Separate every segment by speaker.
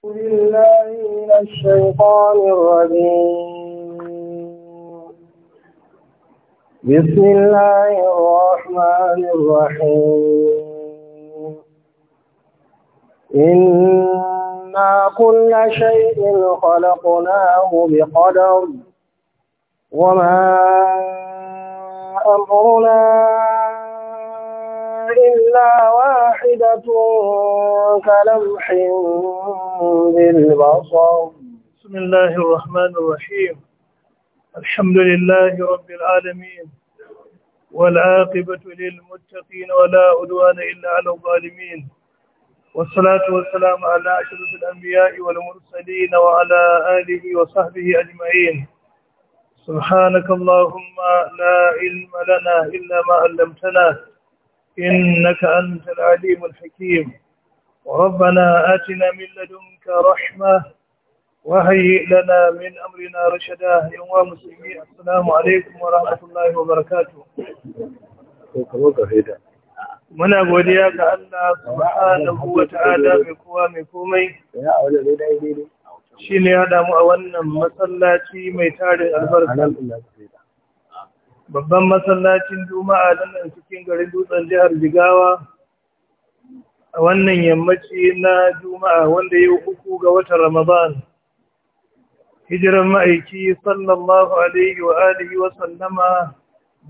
Speaker 1: الشيطان الرجيم بسم الله الرحمن
Speaker 2: الرحيم إنا
Speaker 1: كل شيء خلقناه بقدر وما أمرنا إلا واحدة كلمح بالبصر بسم الله الرحمن الرحيم الحمد لله رب العالمين والعاقبة للمتقين ولا عدوان إلا على الظالمين والصلاة والسلام على أشرف الأنبياء والمرسلين وعلى آله وصحبه أجمعين سبحانك اللهم لا علم لنا إلا ما علمتنا إنك أنت العليم الحكيم ربنا آتنا من لدنك رحمة وهيئ لنا من أمرنا رشدا يوم مسلمين السلام عليكم ورحمة الله وبركاته muna godiya ga Allah subhanahu wa ta'ala mai kowa mai komai shi ne ya damu a wannan masallaci mai tarin albarka babban masallacin juma'a nan cikin garin dutsen jihar jigawa wannan yammaci na juma'a wanda ya uku ga watan ramadan hijiran ma'aiki sallallahu alaihi wa alihi wa sallama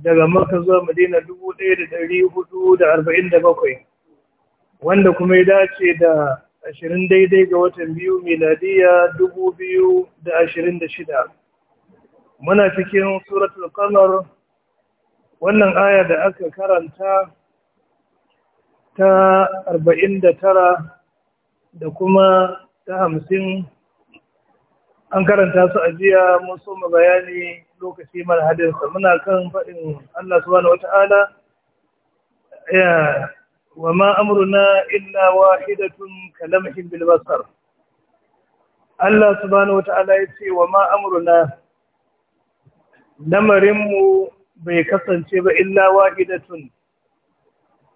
Speaker 1: daga maka zuwa madina 1447 wanda kuma ya dace da 20 daidai ga watan biyu miladiya 2026 muna cikin suratul qamar wannan aya da aka karanta ta arba'in da tara da kuma ta hamsin an karanta su a jiya mun mu bayani lokaci mara hadinsa muna kan faɗin Allah subhanahu wata'ala ya wa ma amruna illa wahidatun kalamhin bil basar Allah subhanahu wata'ala ya ce wa ma amruna lamarinmu bai kasance ba illa wahidatun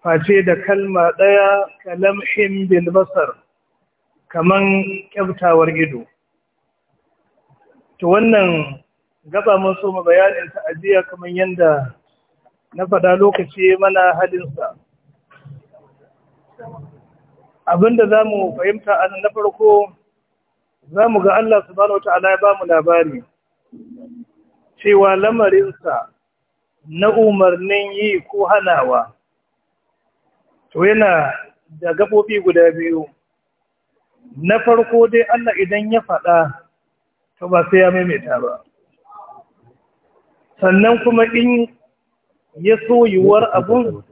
Speaker 1: face da kalma ɗaya kalamhin bilbasar kaman kyautawar ido to wannan gaba mun ma bayanin ta'aziyya kaman yadda na faɗa lokaci mana halinsa abinda za mu fahimta a na farko za mu ga Allah subhanahu wata'ala ya ba mu labari cewa lamarinsa na umarnin yi ko hanawa to yana da gabobi guda biyu na farko dai Allah idan ya faɗa to ba sai ya maimaita ba sannan kuma in ya so yiwuwar abun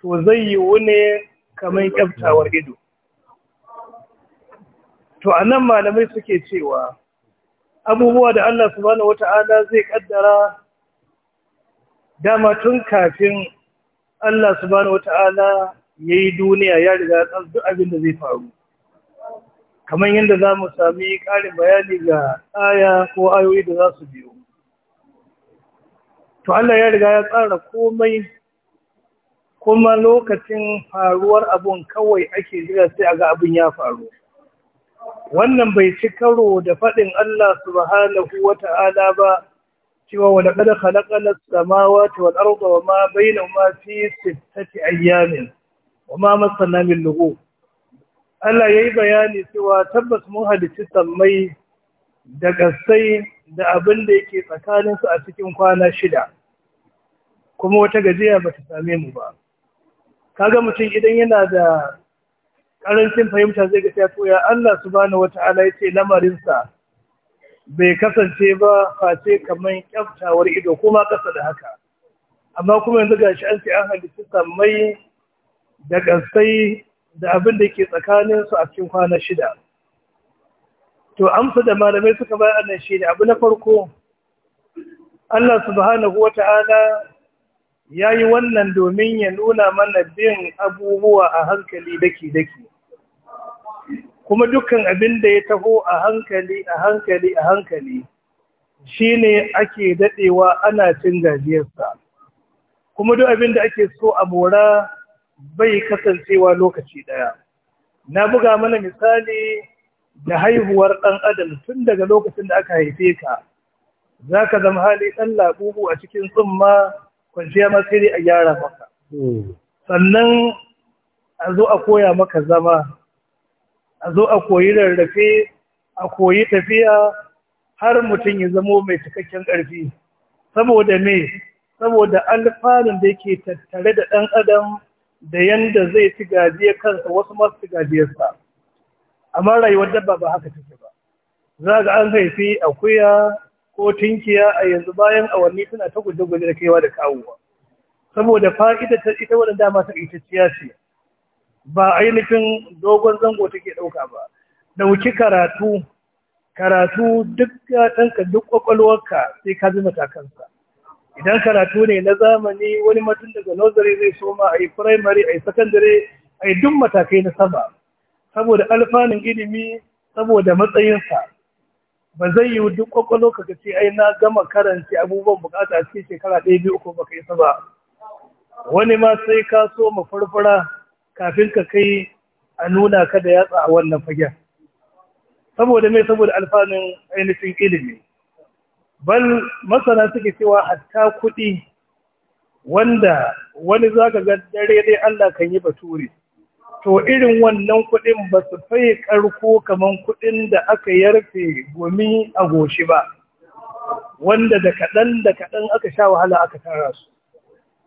Speaker 1: to zai yiwu ne kamar ƙyaftawar ido to anan malamai suke cewa abubuwa da Allah subhanahu wata'ala zai kaddara dama tun kafin Allah subhanahu wata'ala ya yi duniya ya riga tsar duk abin da zai faru kamar yadda za mu sami ƙarin bayani ga aya ko ayoyi da za su biyo to Allah ya riga ya tsara komai kuma lokacin faruwar abun kawai ake jira sai a ga abin ya faru wannan bai ci karo da faɗin Allah subhanahu wa ta'ala ba cewa wadda kada halakalar samawa ta wadda ma bai na ma fi sittati ayyamin wa masana min lugu Allah yi bayani cewa tabbas mun halicci sammai da gassai da abin da yake tsakanin a cikin kwana shida kuma wata gajiya ba ta same mu ba kaga mutum idan yana da karancin fahimta zai ga to ya Allah subhanahu wata'ala yace lamarin sa bai kasance ba face kamar kyaftawar ido kuma kasa da haka amma kuma yanzu gashi an ce an halitta sammai da ƙasai da abin da ke tsakaninsu a cikin kwana shida to amsa da malamai suka bayar annan shi ne abu na farko Allah subhanahu wata'ala ya yi wannan domin ya nuna mana bin abubuwa a hankali daki-daki kuma dukkan abin da ya taho a hankali a hankali a hankali shi ne ake daɗewa ana cin gajiyarsa kuma duk abin da ake so a mora bai kasancewa lokaci ɗaya. Na buga mana misali da haihuwar ɗan adam tun daga lokacin da aka haife ka, zaka zama hali ɗan labubu a cikin tsumma kwanciya masiri a gyara maka. Sannan a zo a koya maka zama, a zo a koyi rarrafe, a koyi tafiya har mutum ya zamo mai cikakken ƙarfi. Saboda me, saboda alfanun da yake tattare da ɗan adam da yanda zai ci gajiyar kansa wasu masu ci gajiyarsa amma rayuwar dabba ba haka take ba za ga an haifi akuya ko tinkiya a yanzu bayan awanni suna ta guje-guje da kaiwa da kawowa saboda fa'ida ta ita wadda dama ta ita ciya ce ba ainihin dogon zango take ɗauka ba ɗauki karatu karatu duk tanka duk ƙwaƙwalwarka sai ka ji matakansa idan karatu ne na zamani wani mutum daga nursery zai soma a yi primary a yi secondary a yi duk matakai na sama saboda alfanun ilimi saboda matsayinsa ba zai yi duk kwakwalo ka ce ai na gama karanci abubuwan bukata a cikin shekara ɗaya biyu uku baka isa ba wani ma sai ka so ma farfara kafin ka kai a nuna ka da yatsa a wannan fagen saboda mai saboda alfanun ainihin ilimi bal masana suke cewa hatta kuɗi wanda wani za ka ga dare dai Allah kan yi bature to irin wannan kuɗin ba su fai ƙarko kamar kuɗin da aka yarfe gumi a goshi ba wanda da kaɗan da kaɗan aka sha wahala aka tara su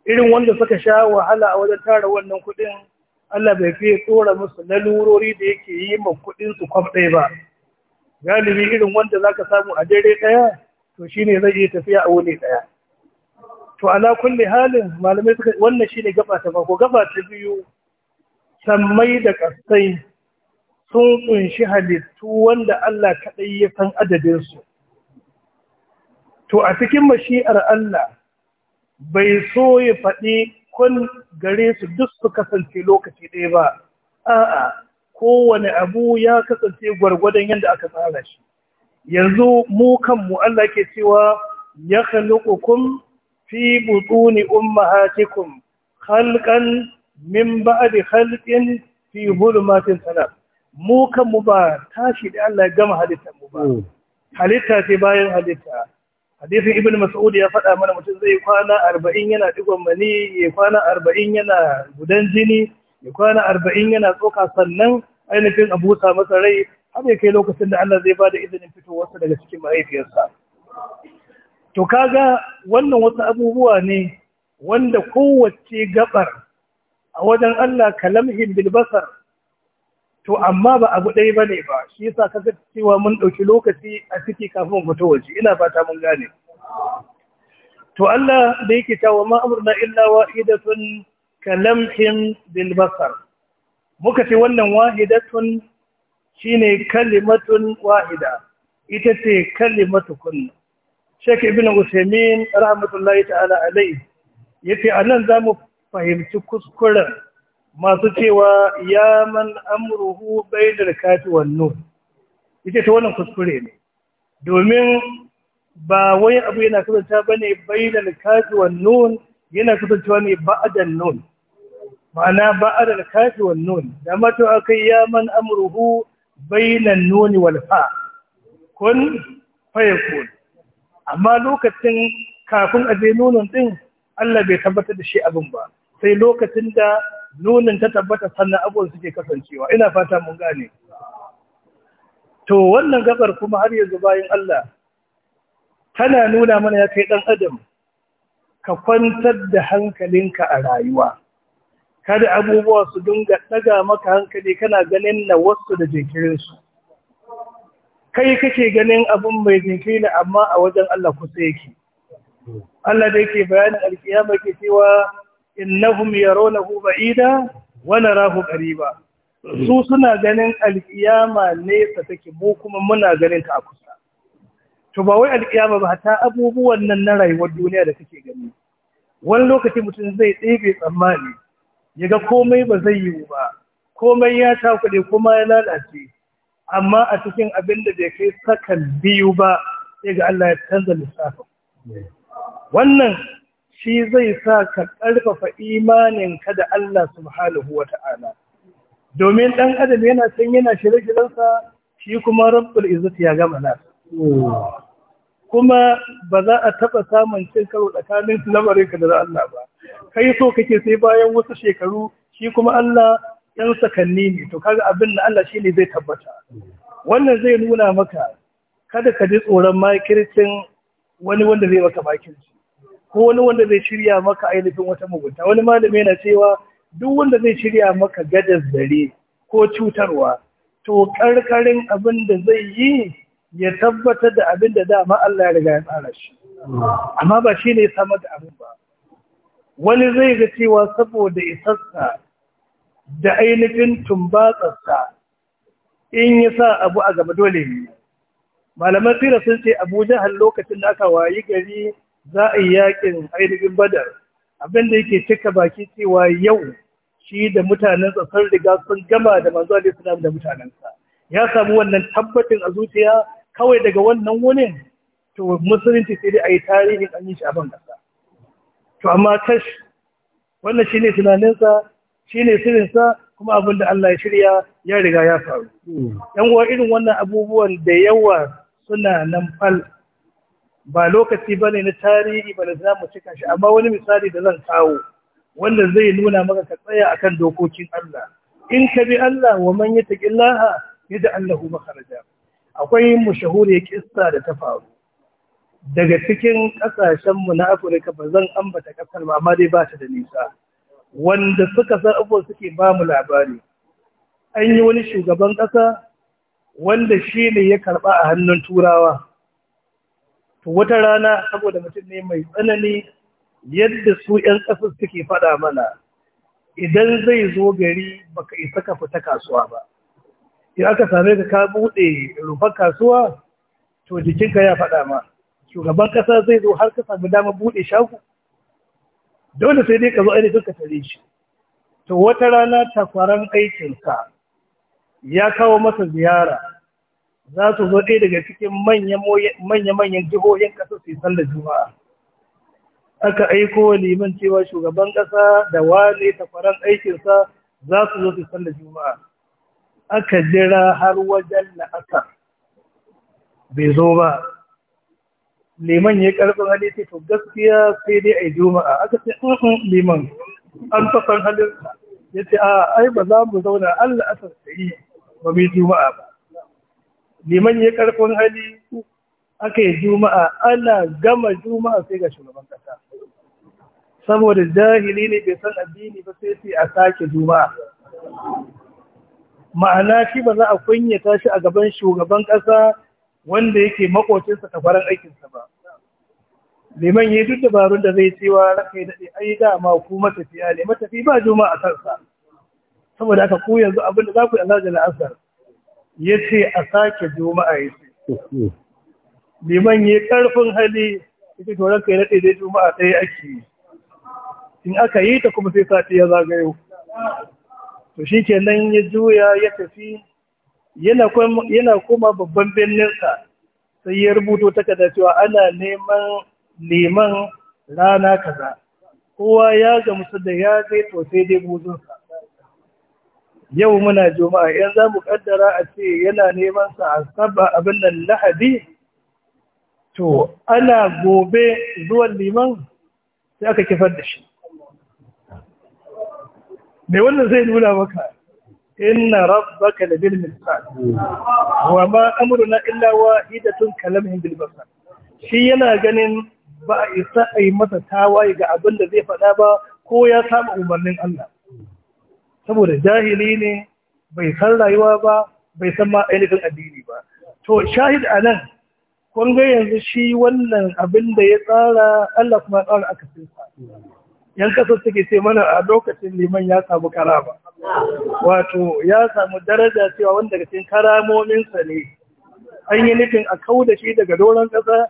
Speaker 1: irin wanda suka sha wahala a wajen tara wannan kuɗin Allah bai fiye tsora musu lalurori da yake yi ma kuɗinsu kwaf ɗaya ba galibi irin wanda za ka samu a dare ɗaya to shine zai iya tafiya a wani daya to ala kulli halin malamai suka wannan shine gaba ta farko gaba ta biyu sammai da kasai sun kunshi halittu wanda Allah kaɗai ya san adadin su to a cikin mashi'ar Allah bai so ya faɗi kun gare su duk su kasance lokaci ɗaya ba a'a kowane abu ya kasance gwargwadon yadda aka tsara shi yanzu mu kanmu Allah ke cewa ya khaluqukum fi butuni ummahatikum khalqan min ba'di khalqin fi hulumatin sana. mu kanmu ba tashi da Allah gama halittar mu ba hmm. halitta ce bayan halitta hadisi ibn mas'ud ya faɗa mana mutum zai kwana arba'in yana digon mani ya kwana arba'in yana gudan jini ya kwana arba'in yana tsoka sannan ainihin a busa masa rai har ya kai lokacin da Allah zai ba da izinin fitowarsa daga cikin mahaifiyarsa to kaga wannan wasu abubuwa ne wanda kowace gabar a wajen Allah kalamhin bilbasar to amma ba abu ɗaya ba ne ba shi yasa kaga cewa mun ɗauki lokaci a ciki kafin fito waje ina fata mun gane to Allah da yake cewa ma ma'amurna illa idatun kalamhin bilbasar muka ce wannan wahidatun Shi ne kalimatun wahida ita ce kalimatu kullu Sheikh Ibn Uthaymeen rahmatullahi ta'ala alayhi yace anan mu fahimci kuskuren masu cewa ya man amruhu bai da wan wannu ita ta wannan kuskure ne domin ba wai abu yana kasance ne bai da wan nun yana kasancewa ne ba'adan ma'ana a da wan nun da mato kai ya man amruhu bainan nuni wal fa kun fayakun amma lokacin kafin a je nunin din Allah bai tabbatar da shi abin ba sai lokacin da nunin ta tabbata sannan abubuwan suke kasancewa ina fata mun gane to wannan gabar kuma har yanzu bayan Allah tana nuna mana ya kai dan adam ka kwantar da hankalinka a rayuwa kada abubuwa su dinga daga maka hankali kana ganin na wasu da jinkirinsu kai kake ganin abun mai jinkiri amma a wajen Allah kusa yake Allah da yake bayanin alkiyama ke cewa innahum yarawnahu ba'ida wa narahu qariba su suna ganin alkiyama nesa take mu kuma muna ganin ta a kusa to ba wai alkiyama ba ta abubuwan nan na rayuwar duniya da kake gani wani lokaci mutum zai ɗebe tsammani ya ga komai ba zai yiwu ba komai ya takuɗe kuma ya lalace amma a cikin abin da bai kai sakan biyu ba sai ga Allah ya canza lissafin wannan shi zai sa ka ƙarfafa imaninka da Allah subhanahu wa ta'ala domin ɗan adam yana san yana shirye-shiryensa shi kuma rabbul izzati ya gama nasa kuma ba za a taɓa samun cin karo tsakanin ka da Allah ba kai so kake sai bayan wasu shekaru shi kuma Allah ɗan sakanni ne to kaga abin da Allah shi ne zai tabbata wannan zai nuna maka kada ka ji tsoron makircin wani wanda zai maka makirci ko wani wanda zai shirya maka ainihin wata mugunta wani malami yana cewa duk wanda zai shirya maka gada zare ko cutarwa to karkarin abin da zai yi ya tabbatar da abin da dama Allah ya riga ya tsara shi amma ba shi ne ya samar da abin ba wani zai ga cewa saboda isarsa da ainihin tumbatsarsa in ya sa abu a gaba dole ne malaman tsira sun ce abu jihar lokacin da aka wayi gari za a yi yakin ainihin badar abinda yake cika baki cewa yau shi da mutanen sun riga sun gama da manzo da mutanensa ya samu wannan tabbatin a zuciya kawai daga wannan wunin to musulunci sai dai a yi tarihin an yi shi abin to amma kash wannan shine tunaninsa shine sirinsa kuma abin da Allah ya shirya ya riga ya faru yan uwa irin wannan abubuwan da yawa suna nan fal ba lokaci bane na tarihi ba da zamu cika shi amma wani misali da zan kawo wanda zai nuna maka ka tsaya akan dokokin Allah in ka bi Allah wa man yattaqillaha yaj'al lahu makhraja akwai mushahuri kissa da ta faru daga cikin mu na afirka ba zan ambata ƙasar ba amma dai ba ta da nisa wanda suka san abu suke ba mu labari an yi wani shugaban ƙasa wanda shi ne ya karɓa a hannun turawa to wata rana saboda mutum ne mai tsanani yadda su 'yan ƙasar suke faɗa mana idan zai zo gari baka isa ka fita kasuwa ba in aka same ka ka buɗe rufar kasuwa to jikinka ya faɗa ma shugaban ƙasa zai zo har ka sami dama buɗe shago dole sai dai ka zo ainihin ka tare shi to wata rana takwaran aikinsa ya kawo masa ziyara za su zo ɗaya daga cikin manya-manyan jihohin ƙasa su yi sallar juma'a aka aiko wa liman cewa shugaban ƙasa da wane takwaran aikinsa za su zo su sallar juma'a aka jira har wajen la'asar bai zo ba liman ya karfin halitta to gaskiya sai dai a juma'a aka ce ɗin liman an fasan halin ya ce a ai ba za mu zauna allah asar ta yi ba mai juma'a ba liman ya karfin hali aka yi juma'a ana gama juma'a sai ga shugaban kasa saboda jahili ne bai san addini ba sai sai a sake juma'a ma'ana shi ba za a kunyata shi a gaban shugaban ƙasa wanda yake makocinsa kafaran aikinsa ba liman yi duk dabarun da zai cewa raka yi daɗe ai dama ku matafiya ne matafi ba juma a kansa saboda haka ku yanzu abin da za ku yi Allah da la'asar ya ce a sake juma'a ya ce liman yi ƙarfin hali ita to raka yi daɗe dai juma'a ɗaya ake yi in aka yi ta kuma sai sati ya zagayo to shi ke nan ya juya ya tafi yana kuma babban birninsa sai ya rubuto takarda cewa ana neman liman rana kaza kowa ya gamsu da ya zai to sai dai buzunsa yau muna juma'a yan za mu kaddara a ce yana neman sa a saba abin nan lahadi to ana gobe zuwan liman sai aka kifar da shi me wannan zai nuna maka inna rabbaka labil mirsad wa ma amruna illa wahidatun kalamin bil basar shi yana ganin ba a isa a masa tawaye ga abin da zai faɗa ba ko ya samu umarnin Allah saboda jahili ne bai san rayuwa ba bai san ma ainihin addini ba to shahid anan kun ga yanzu shi wannan abin da ya tsara Allah kuma tsara aka sa yan kasar suke ce mana a lokacin liman ya samu karama wato ya samu daraja cewa wanda daga cikin karamominsa ne an yi nufin a kau da shi daga doron ƙasa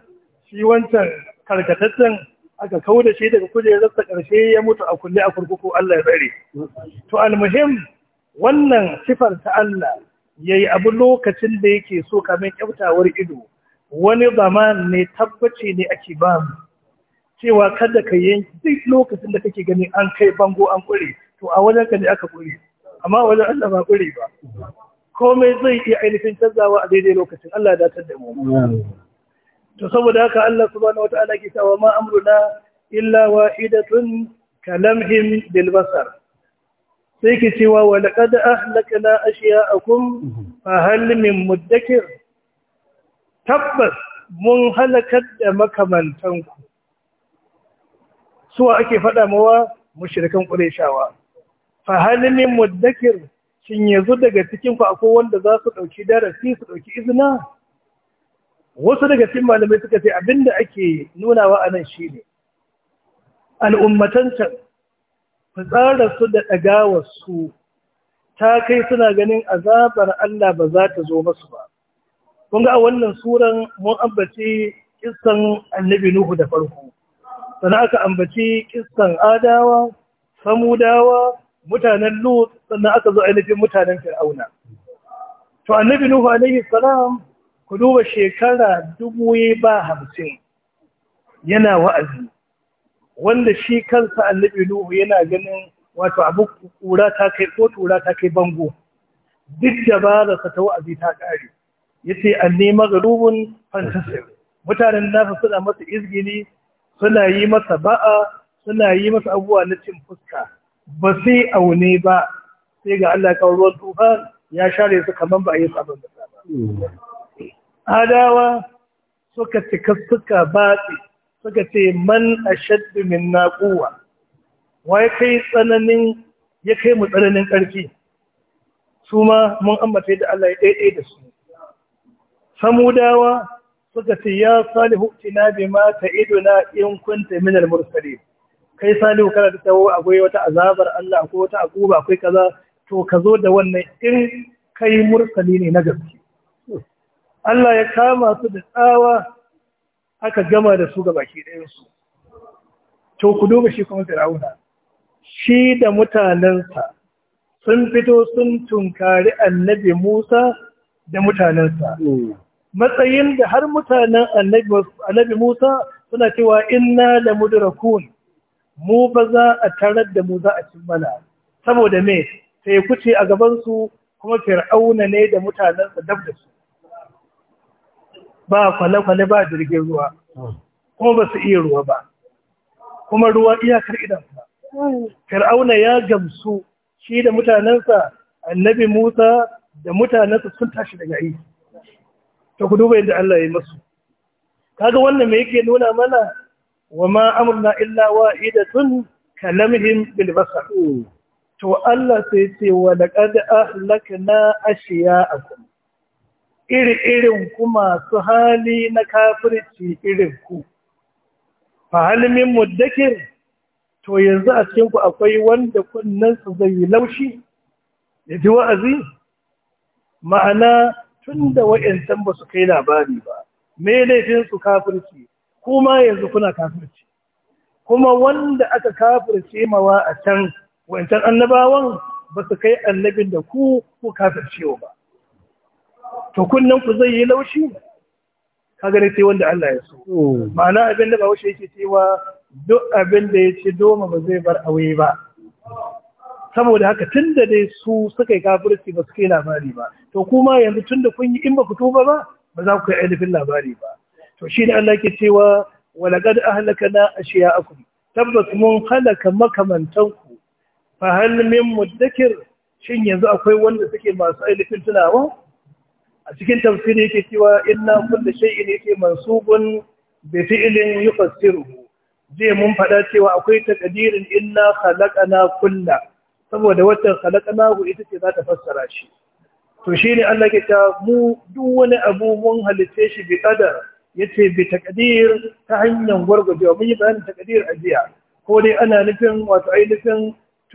Speaker 1: shi wancan karkataccen aka kau da shi daga kujerarsa ƙarshe ya mutu a kulle a kurkuku Allah ya tsare to almuhim wannan sifar ta Allah yayi abu lokacin da yake so kamar kyautawar ido wani zaman ne tabbaci ne ake ba mu cewa kada ka yanki duk lokacin da kake gani an kai bango an ƙure to a wajen ka ne aka ƙure amma wajen Allah ba ƙure ba komai zai iya ainihin canzawa a daidai lokacin Allah ya tada da mu to saboda haka Allah subhanahu wataala ke cewa ma amruna illa wahidatun kalamhim bil basar sai ke cewa wa laqad ahlakna ashya'akum fa hal min muddakir tabbas mun halakar da makamantanku suwa ake faɗa mawa mushrikan ƙureshawa fa halimin muddakir shin yazo daga cikin ku akwai wanda za su ɗauki darasi su ɗauki izina wasu daga cikin malamai suka ce abinda ake nunawa a nan shine al'ummatan can tsara su da ɗagawar su ta kai suna ganin azabar Allah ba za ta zo masu ba kun ga a wannan suran mun ambace kissan annabi Nuhu da farko sannan aka ambaci kistan adawa samudawa mutanen lut sannan aka zo ainihin mutanen fir'auna to annabi nuhu alaihi salam ku duba shekara dubu ba hamsin yana wa'azi wanda shi kansa annabi nuhu yana ganin wato abu kura ta kai ko tura ta kai bango duk da dabararsa ta wa'azi ta kare yace anni maghrubun fantasy mutanen nasa suna masa izgini suna yi masa ba'a suna yi masa abuwa na cin fuska ba sai aune ba sai ga Allah kawo ruwan tufa ya share su kamar ba a yi sabon da ba adawa suka cika suka batse, suka ce man a minna quwwa wai kai tsananin ya kai mu tsananin ƙarfi su ma mun ambace da Allah ya daidai da su samudawa suka ce ya salihu tina ta iduna in kunta min al-mursalin kai salihu kana da tawo akwai wata azabar Allah akwai wata akuba akwai kaza to ka zo da wannan in kai mursali ne na gaske Allah ya kama su da tsawa aka gama da su ke ɗayan su to ku duba shi kuma Fir'auna shi da mutanensa sun fito sun tunkari annabi Musa da mutanensa mm. matsayin da har mutanen annabi Musa suna cewa inna la mudrakun mu ba za a tarar da mu za a cin mana saboda me sai kuce a gaban su kuma fir'auna ne da mutanensa dab da su ba kwale-kwale ba jirgin ruwa kuma ba su iya ruwa ba kuma ruwa iyakar idan ba fir'auna ya gamsu shi da mutanensa annabi Musa da mutanensa sun tashi daga aiki Ta ku duba yadda Allah ya yi masu kaga wannan me yake nuna mana wa ma Amurna illa wahidatun tun kalamin bilbasa to Allah sai ce wa na ashiya a ashiya'akum iri irin ku masu hali na kafirci irin ku fa halimin muddakir to yanzu a cikin ku akwai wanda kunnen zai yi laushi ya ji wa'azi ma'ana tun da wa'yancan ba su kai labari ba me laifinsu kafirci kuma yanzu kuna kafirci kuma wanda aka kafirce mawa a can wa'yancan annabawan ba su kai annabin da ku ku kafircewa ba to kunnen ku zai yi laushi kaga ne sai wanda Allah ya so ma'ana abin da ba wuce yake cewa duk abin da ya ce doma ba zai bar aure ba saboda haka tun da dai su suka yi kafirci ba su kai labari ba to kuma yanzu tun da kun yi in ba ku tuba ba ba za ku kai ainihin labari ba to shi ne Allah ke cewa walaqad ahlakana ashiya'akum tabbas mun halaka makamantanku fa hal min shin yanzu akwai wanda suke masu ainihin tunawa a cikin tafsiri yake cewa inna kullu shay'in yake mansubun bi fi'lin yufassiruhu zai mun faɗa cewa akwai takadirin inna khalaqana kullu saboda watan khalaqnahu ita ce za ta fassara shi to shine Allah ke ta mu duk wani abu mun halitta shi bi qadar yace bi taqdir ta hanyar gurgurje mun yi bayanin taqdir a jiya ko dai ana nufin wato ainihin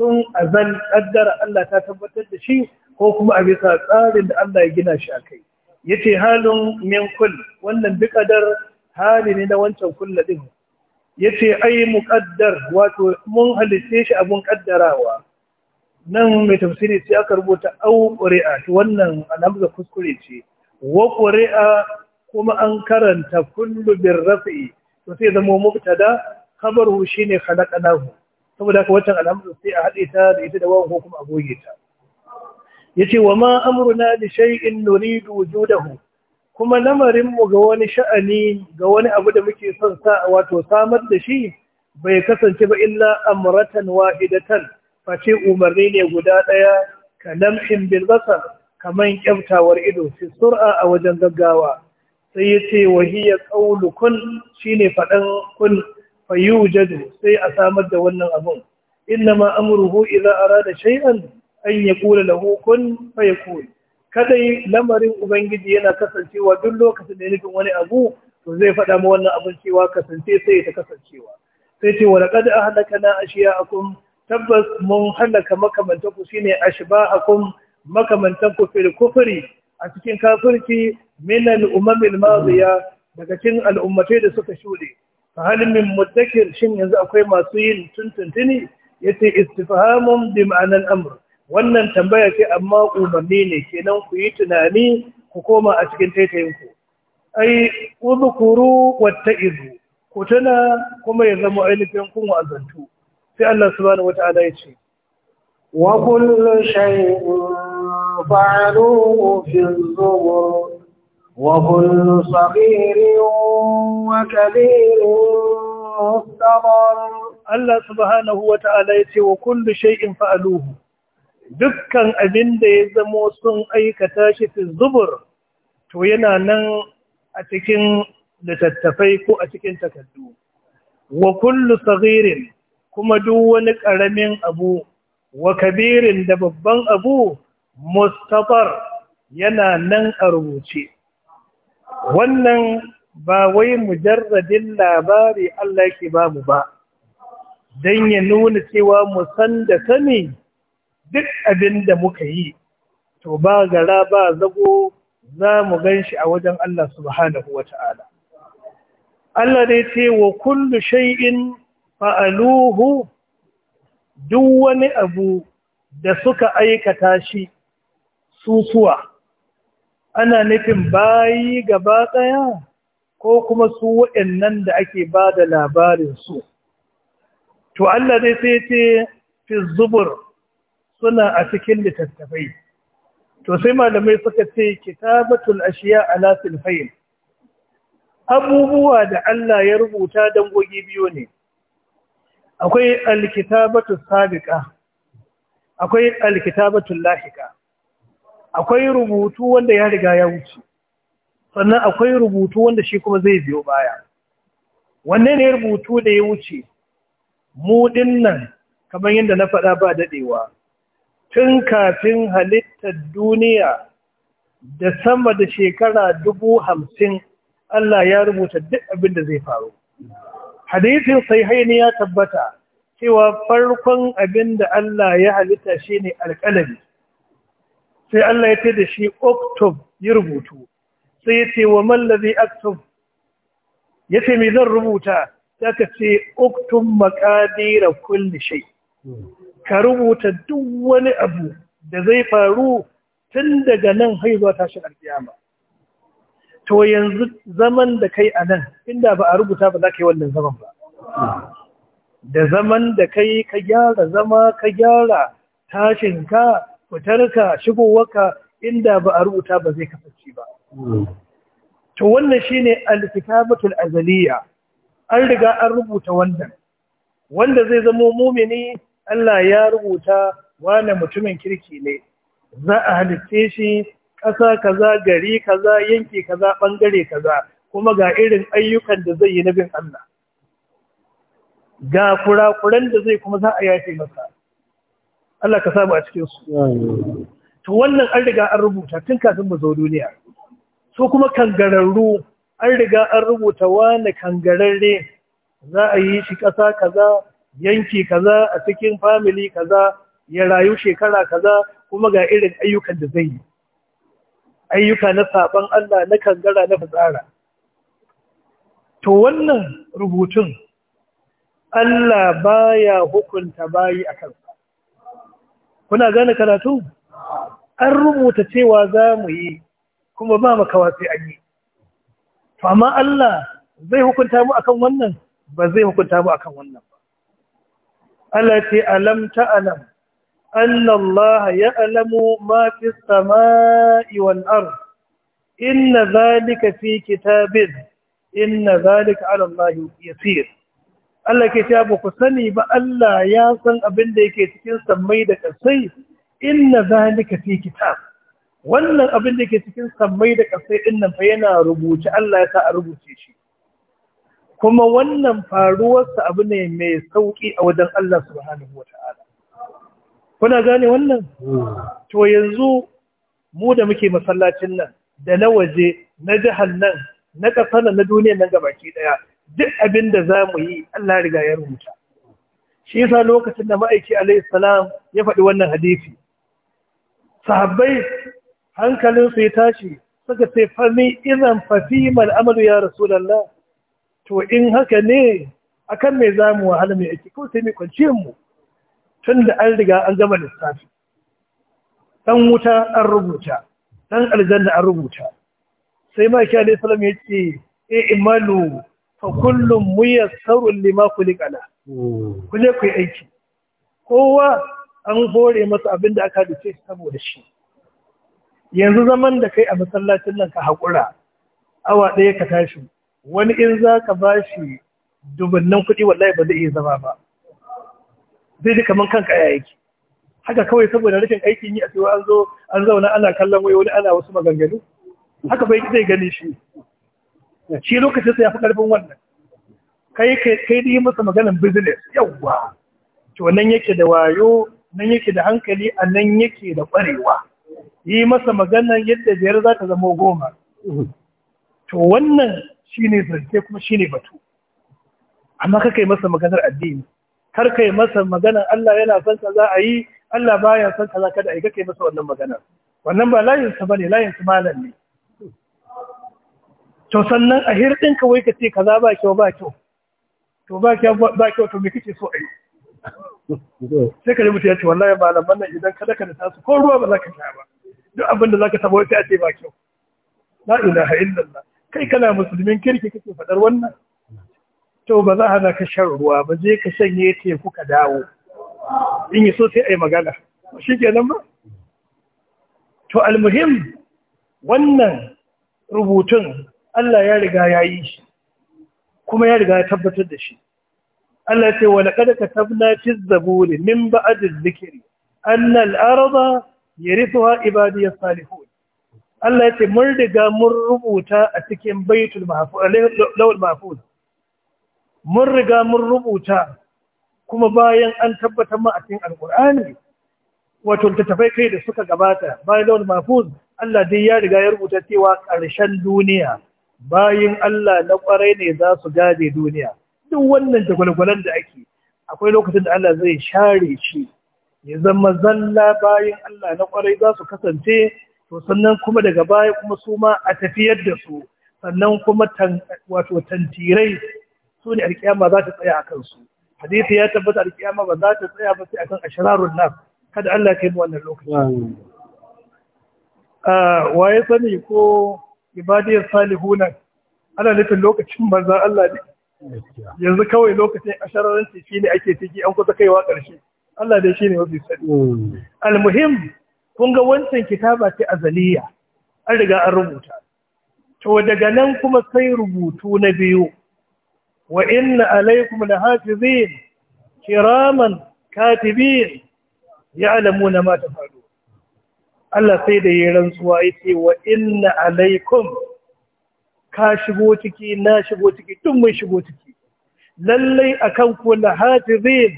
Speaker 1: tun azal qaddar Allah ta tabbatar da shi ko kuma a bisa tsarin da Allah ya gina shi akai yace halun min kull wannan bi qadar hali ne na wancan kullu din yace ai muqaddar wato mun halitta shi abun kaddarawa nan mai tafsiri sai aka rubuta au ƙuri'a wannan alhamza kuskure ce wa ƙuri'a kuma an karanta kullu bin rafi'i to sai zama mubtada khabaru shine khalaqnahu saboda haka wannan alhamza sai a haɗe ta da ita da wawan ko kuma a goge ta yace wa ma amruna li shay'in nuridu wujudahu kuma lamarin mu ga wani sha'ani ga wani abu da muke son sa wato samar da shi bai kasance ba illa amratan wahidatan face umarni ne guda ɗaya ka lamhin bilbasar kamar kyautawar ido fi sur'a a wajen gaggawa sai ya ce wahiyar ƙaunu kun shi ne faɗan kun fayu jadu sai a samar da wannan abin inna ma amurhu idan ara da shay'an an ya kula da hukun fa ya kadai lamarin ubangiji yana kasancewa duk lokacin da ya nufin wani abu to zai faɗa ma wannan abin cewa kasance sai ta kasancewa sai ce wa laqad ahlakana ashiya'akum tabbas mun halaka makamantan ku shine ashbahakum makamantan ku fil kufri a cikin kafirci min al umam madiya daga cikin al'ummatai da suka shuɗe fa hal min muddakir shin yanzu akwai masu yin tuntuntuni yace istifhamum bi al amr wannan tambaya ce amma umarni ne kenan ku yi tunani ku koma a cikin taitayinku ai uzkuru watta'izu ku tuna kuma ya zama ainihin kun wa'azantu sai Allah subhanahu wata'ala ya ce wa kullu shay'in fa'aluhu fi zubur wa kullu saghirin wa kabirin mustaqar Allah subhanahu wata'ala ya ce wa kullu shay'in fa'aluhu dukkan abin da ya zama sun aikata shi fi zubur to yana nan a cikin littattafai ko a cikin takaddu wa kullu saghirin kuma duk wani ƙaramin abu wa kabirin da babban abu mustaqar yana nan a rubuce wannan ba wai mujarradin labari Allah yake ba mu ba don ya nuna cewa mu san da sani duk abin da muka yi to ba gara ba zago za mu gan shi a wajen Allah subhanahu wa ta'ala. Allah dai ce wa kullu shay'in fa'aluhu duk wani abu da suka aikata shi susuwa ana nufin bayi gaba ɗaya ko kuma su waɗannan da ake ba da labarinsu to Allah dai sai ce fi zubur suna a cikin littattafai to sai malamai suka ce kitabatul ashiya ala silfain abubuwa da Allah ya rubuta dangogi biyu ne akwai alkitabatu sabiqa akwai alkitabatu lahika akwai rubutu wanda ya riga ya wuce sannan akwai rubutu wanda shi kuma zai biyo baya wanne ne rubutu da ya wuce mu dinnan kamar yadda na faɗa ba dadewa tun kafin halittar duniya da sama da shekara dubu hamsin Allah ya rubuta duk abin da zai faru hadisin sahihaini ya tabbata cewa farkon abin da Allah ya halitta shine alkalabi. sai Allah ya ce da shi oktub ya rubutu sai ya ce wa mallazi aktub ya ce zan rubuta ta ka ce oktub makadira kulli shai ka rubuta duk wani abu da zai faru tun daga nan haizuwa tashin alƙiyama to yanzu zaman da kai a nan inda ba a rubuta ba za ka yi wannan zaman ba da zaman da kai ka gyara zama ka gyara tashinka fitarka shigowarka inda ba a rubuta ba zai kasance ba to wannan shine al-kitabatul azaliya an riga an rubuta wannan wanda zai zama mumini Allah ya rubuta wane mutumin kirki ne za a halitte shi ƙasa kaza gari kaza yanki kaza ɓangare kaza kuma ga irin ayyukan da zai yi na bin Allah ga kurakuran da zai kuma za a yafe masa Allah ka samu a cikin
Speaker 2: su
Speaker 1: to wannan an riga an rubuta tun kafin mu zo duniya So kuma kangararru an riga an rubuta wani kangararre za a yi shi ƙasa kaza yanki kaza a cikin famili kaza ya rayu shekara kaza kuma ga irin ayyukan da zai yi ayyuka na saban Allah na kangara na fitsara to wannan rubutun Allah baya hukunta bayi akan kuna gane karatu an rubuta cewa za mu yi kuma ba makawa sai an yi amma Allah zai hukunta mu akan wannan ba zai hukunta mu akan wannan ba Allah ce alam ta alam أن الله يعلم ما في السماء والأرض إن ذلك في كتابه إن ذلك على الله يسير Allah ke cewa ba ku sani ba Allah ya san abin da yake cikin sammai da ƙasai inna zalika fi kitab wannan abin da yake cikin sammai da ƙasai din nan fa yana rubuce Allah ya sa a rubuce shi kuma wannan faruwar sa abu ne mai sauki a wajen Allah subhanahu wataala kuna gane wannan hmm. to yanzu mu da muke masallacin nan da na waje na jihar nan na ƙasar nan na duniya nan gabaki ɗaya duk abin da za mu yi Allah riga ya rubuta shi yasa lokacin da ma'aiki alaihi salam ya faɗi wannan hadisi sahabbai su ya tashi suka ce fami idan fafimar amalu ya rasulallah to in haka ne akan me za mu wahala mai aiki ko sai mai kwanciyar mu tun da an riga an gama lissafi ɗan wuta an rubuta ɗan aljanna an rubuta sai ma kya salam ya ce e eh, imalu fa kullum saurin lima kulikala ku je ku yi aiki kowa an hore masa abin da aka dace saboda shi yanzu zaman da kai a masallacin nan ka haƙura awa ɗaya ka tashi wani in za ka ba dubunnan kuɗi wallahi ba zai iya zama ba zai ji kaman kanka ya yake haka kawai saboda rashin aikin yi a cewa an zo an zauna ana kallon wai wani ana wasu maganganu haka bai zai gani shi shi lokacin sa ya fi karfin wannan kai kai dai masa maganan business yawwa to nan yake da wayo nan yake da hankali a nan yake da kwarewa yi masa maganan yadda biyar za ta zama goma to wannan shine zance kuma shine batu amma kai masa maganar addini har kai masa magana Allah yana son ka za a yi Allah baya son ka za ka da aika kai masa wannan magana wannan ba layin sa bane layin sa malam ne to sannan a hirdin ka wai ka ce kaza ba kyau ba kyau to ba kyau ba kyau to me kike so a yi sai ka rubuta yace wallahi malaman nan idan kada ka da tasu ko ruwa ba za ka sha ba duk abin da za ka sabo sai a ce ba kyau la ilaha illallah kai kana musulmin kirki kake faɗar wannan to ba za a hana ka shan ruwa ba zai ka shanye teku ka dawo in yi so sai a yi magana shi kenan ba to almuhim wannan rubutun Allah ya riga ya yi shi kuma ya riga ya tabbatar da shi Allah ce wa laqad katabna fi zaburi min ba adh-dhikri anna al ya yarithuha ibadiy salihu salihun Allah ce mun riga mun rubuta a cikin baitul mahfuz mun riga mun rubuta kuma bayan an tabbatar ma a alkur'ani wato littattafai kai da suka gabata bayan lawan mafuz Allah dai ya riga ya rubuta cewa ƙarshen duniya Bayan Allah na ƙwarai ne za su gade duniya duk wannan jagwalgwalan da ake akwai lokacin da Allah zai share shi ya zama zalla bayan Allah na kwarai za su kasance to sannan kuma daga baya kuma su ma a tafiyar da su sannan kuma wato tantirai su ne Alƙiyama za ta tsaya a kansu hadithi ya tabbata Alƙiyama ba za ta tsaya ba sai akan ashirarun nan. kada Allah ka yi mu wannan lokaci ah, Wa waye sani ko ibadiyar salihuna ana nufin lokacin banza Allah ne yanzu kawai lokacin ashararren shi ne ake ciki an kusa kaiwa ƙarshe Allah dai ne mafi sani hmm. almuhim kun ga wancan kitaba ce azaliya an riga an rubuta to daga nan kuma sai rubutu na biyu wa inna alaikum lahafizin kiraman katibin ya'lamuna ma tafalu Allah sai da yayin rantsuwa yace wa inna alaikum ka shigo ciki na shigo ciki tun mun shigo ciki lallai akan ku lahafizin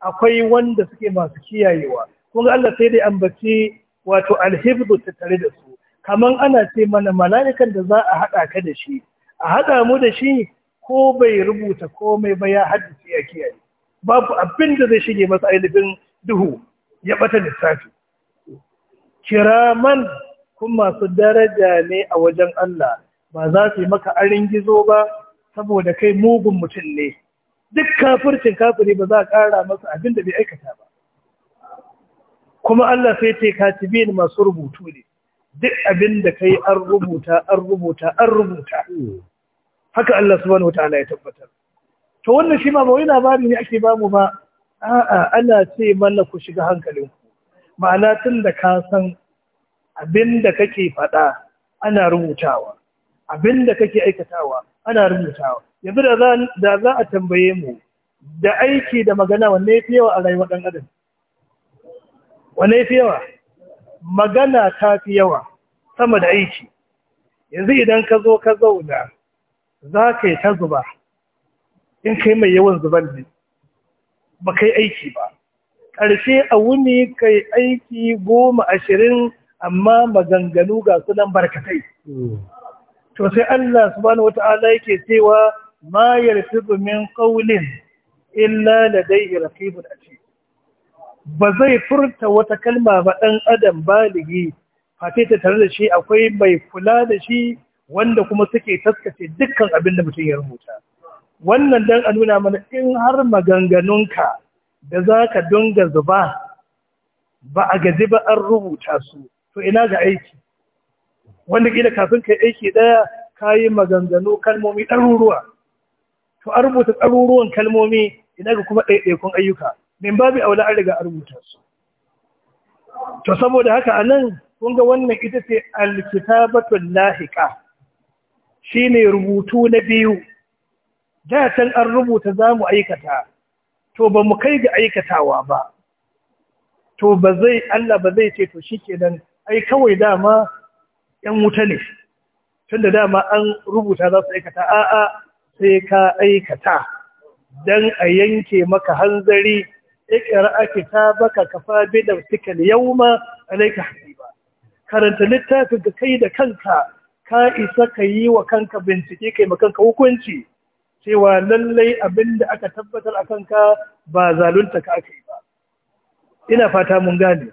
Speaker 1: akwai wanda suke masu kiyayewa kun Allah sai da ambaci wato alhibdu tare da su kaman ana ce mana mala'ikan da za a haɗa ka da shi a haɗa mu da shi ko bai rubuta komai ba ya haddace ya kiyaye babu abin da zai shige masa ainihin duhu ya bata lissafi kiraman kun masu daraja ne a wajen Allah ba za su yi maka arin gizo ba saboda kai mugun mutum ne duk kafircin kafiri ba za a ƙara masa abin da bai aikata ba kuma Allah sai ce katibin masu rubutu ne duk abin da kai an rubuta an rubuta an rubuta haka Allah subhanahu wataala ya tabbatar to wannan shi ma ba wani labari ne ake bamu ba a'a ana ce mana ku shiga hankalin ku ma'ana tun da ka san abin da kake faɗa ana rubutawa abin da kake aikatawa ana rubutawa yanzu da za a tambaye mu da aiki da magana wanne fi yawa a rayuwar ɗan adam wanne fi yawa magana ta fi yawa sama da aiki yanzu idan ka zo ka zauna za ka yi ta zuba in kai mai yawan zuban ne ba kai aiki ba ƙarshe a wuni kai aiki goma ashirin amma maganganu ga sunan barkatai hmm. to sai Allah subhanahu wata'ala yake cewa ma yarfidu min qawlin illa ladayhi raqibun atid ba zai furta wata kalma ba dan adam baligi fate ta tare da shi akwai mai kula da shi wanda kuma suke taskace dukkan abin da mutum ya rubuta wannan dan a nuna mana in har maganganunka da za ka dunga zuba ba a gaji ba an rubuta su to ina ga aiki wanda kila kafin kai aiki ɗaya ka yi maganganu kalmomi ɗaruruwa to an rubuta ɗaruruwan kalmomi ina ga kuma ɗaiɗaikun ayyuka min babu aula an riga an rubuta su to saboda haka a nan kun ga wannan ita ce alkitabatun lahiƙa shine rubutu na biyu da can an rubuta zamu aikata to ba mu kai ga aikatawa ba to ba zai Allah ba zai ce to shi shikenan ai kawai dama yan wuta ne tunda dama an rubuta za su aikata a'a sai ka aikata dan a yanke maka hanzari ta baka kafa bi nafsika al-yawma alayka ba. karanta littafin ka kai da kanka ka isa ka yi wa kanka bincike kai ma kanka hukunci cewa lallai abin da aka tabbatar a kanka ba zalunta ka aka yi ba ina fata mun gane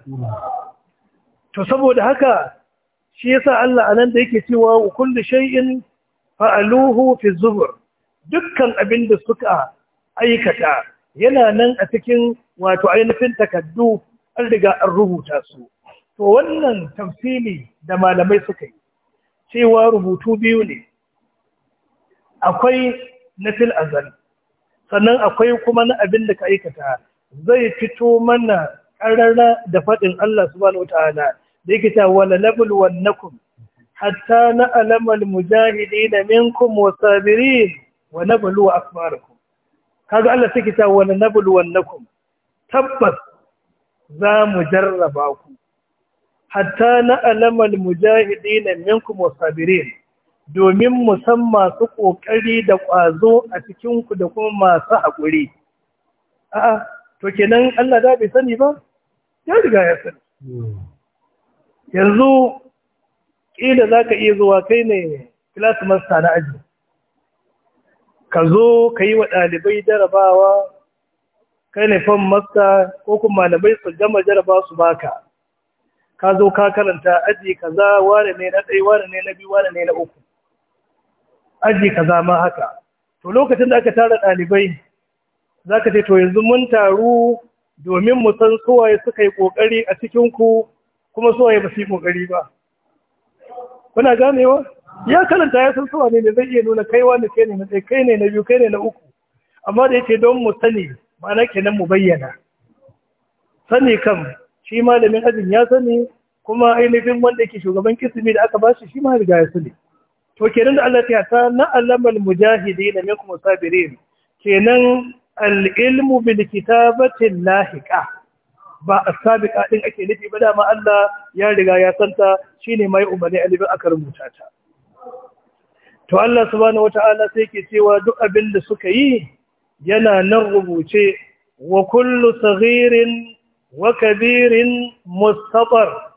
Speaker 1: to saboda haka shi yasa Allah anan da yake cewa kullu shay'in fa'aluhu fi zubur dukkan abin da suka aikata yana nan a cikin wato ainihin takaddu an riga an rubuta su to wannan tafsili da malamai suka yi cewa rubutu biyu ne akwai na fil azal sannan akwai kuma na abin da ka aikata zai fito mana ƙarara da faɗin Allah subhanahu wataala da yake ta wala labul wannakum hatta na alamal mujahidin minkum wasabirin wa nablu akbarakum kaga Allah take ta wala nabul wannakum tabbas za mu jarraba ku hatta na alamal mujahidina minkum wasabirin domin mu masu ƙoƙari da ƙwazo a cikin ku da kuma masu haƙuri. a'a to kenan Allah da bai sani ba ya riga ya sani yanzu kila zaka iya zuwa kai ne class master na aji ka zo ka yi wa ɗalibai jarabawa kai ne fam master ko kuma malamai su gama jarabawa su baka ka zo ka karanta aji kaza ware ne na ɗaya ware ne na biyu ware ne na uku aji kaza ma haka to lokacin da aka tara ɗalibai za ka ce to yanzu mun taru domin mu san suwaye suka yi ƙoƙari a cikinku kuma suwaye ba su yi ƙoƙari ba kuna ganewa ya karanta ya san suwa ne da zai iya nuna kaiwa ne kai ne na ɗaya kai ne na biyu kai ne na uku amma da yake don mu sani ma'ana kenan mu bayyana sani kan shi malamin ajin ya sani kuma ainihin wanda yake shugaban kisimi da aka bashi shi ma riga ya sani to kenan da Allah ya ta na alamal mujahidin minkum sabirin kenan al-ilmu bil kitabati lahiqa ba a sabiqa din ake nufi ba dama Allah ya riga ya santa shi shine mai umarni alibin aka rubuta ta to Allah subhanahu wataala sai ke cewa duk abin da suka yi yana nan rubuce wa kullu saghirin wa kabirin mustatar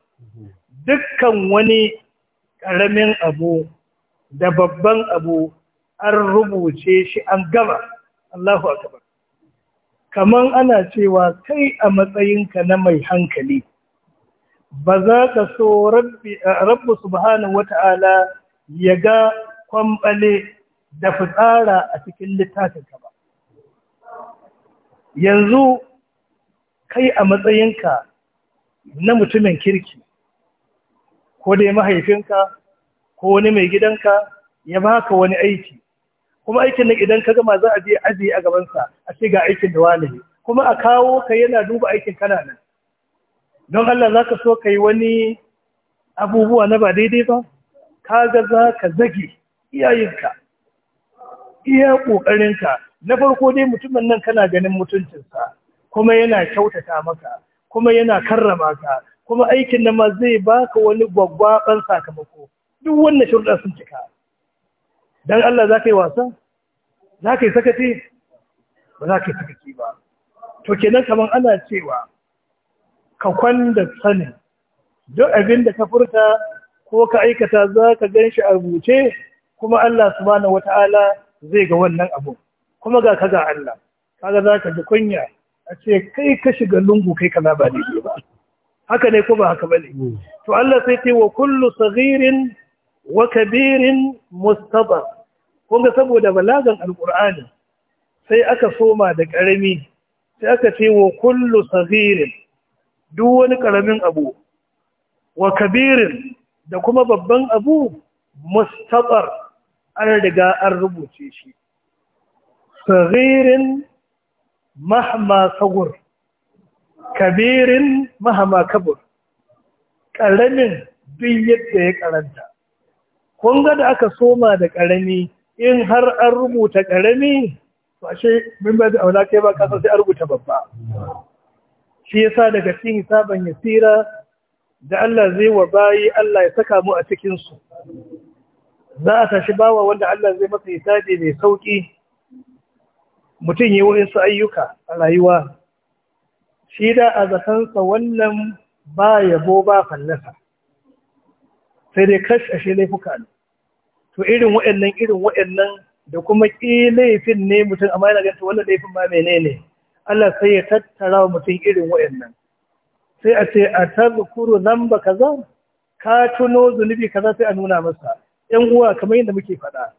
Speaker 1: dukkan wani ƙaramin abu da babban abu an rubuce shi an gaba Allahu akbar kaman ana cewa kai a matsayinka na mai hankali ba za ka so rabbi subhanahu wata'ala ya ga kwambale da fitsara a cikin littafinka ba yanzu kai a matsayinka na mutumin kirki ko dai mahaifinka ko wani mai gidanka ya baka wani aiki kuma aikin nan idan ka gama za a je ajiye a gabansa a ce ga aikin da wani kuma a kawo ka yana duba aikin kana nan don Allah za ka so ka yi wani abubuwa na ba daidai ba kaga ga za ka zage iyayenka iya ƙoƙarinka na farko dai mutumin nan kana ganin mutuncinsa kuma yana kyautata maka kuma yana karrama ka kuma aikin nan ma zai baka wani gwaggwaban sakamako duk wannan shurɗa sun cika dan Allah za ka yi wasa za ka yi sakati ba za ka yi sakati ba to kenan kaman ana cewa ka kwanda sanin duk abin da ka furta ko ka aikata za ka gan shi a rubuce kuma Allah subhanahu wata'ala zai ga wannan abu kuma ga ka ga Allah kaga za ka ji kunya a ce kai ka shiga lungu kai kaza ba ne ba haka ne ko ba haka bane hmm. to Allah sai ce wa kullu saghirin wa kabirin mustaba kuma saboda balagan alqur'ani sai aka soma da karami sai aka ce wa kullu saghirin duk wani karamin abu wa kabirin da kuma babban abu mustadar an riga an rubuce shi saghirin mahama sagur kabirin mahama kabur ƙaramin duk yadda ya karanta kun ga da aka soma da ƙarami in har an rubuta ƙarami ba shi min ba da auna kai ba kasa sai an rubuta babba shi yasa daga cikin hisaban yasira da Allah zai wa bayi Allah ya saka mu a cikin su za a tashi bawa wanda Allah zai masa hisabi mai sauki mutum yi su ayyuka a rayuwa shi da a zakansa wannan ba yabo ba fallasa sai dai kashi ashe laifuka ne to irin waɗannan irin waɗannan da kuma ƙi laifin ne mutum amma yana ganta wannan laifin ma menene Allah sai ya tattara wa mutum irin waɗannan sai a ce a tazkuru zamba kaza ka tuno zunubi kaza sai a nuna masa 'yan uwa kamar yadda muke faɗa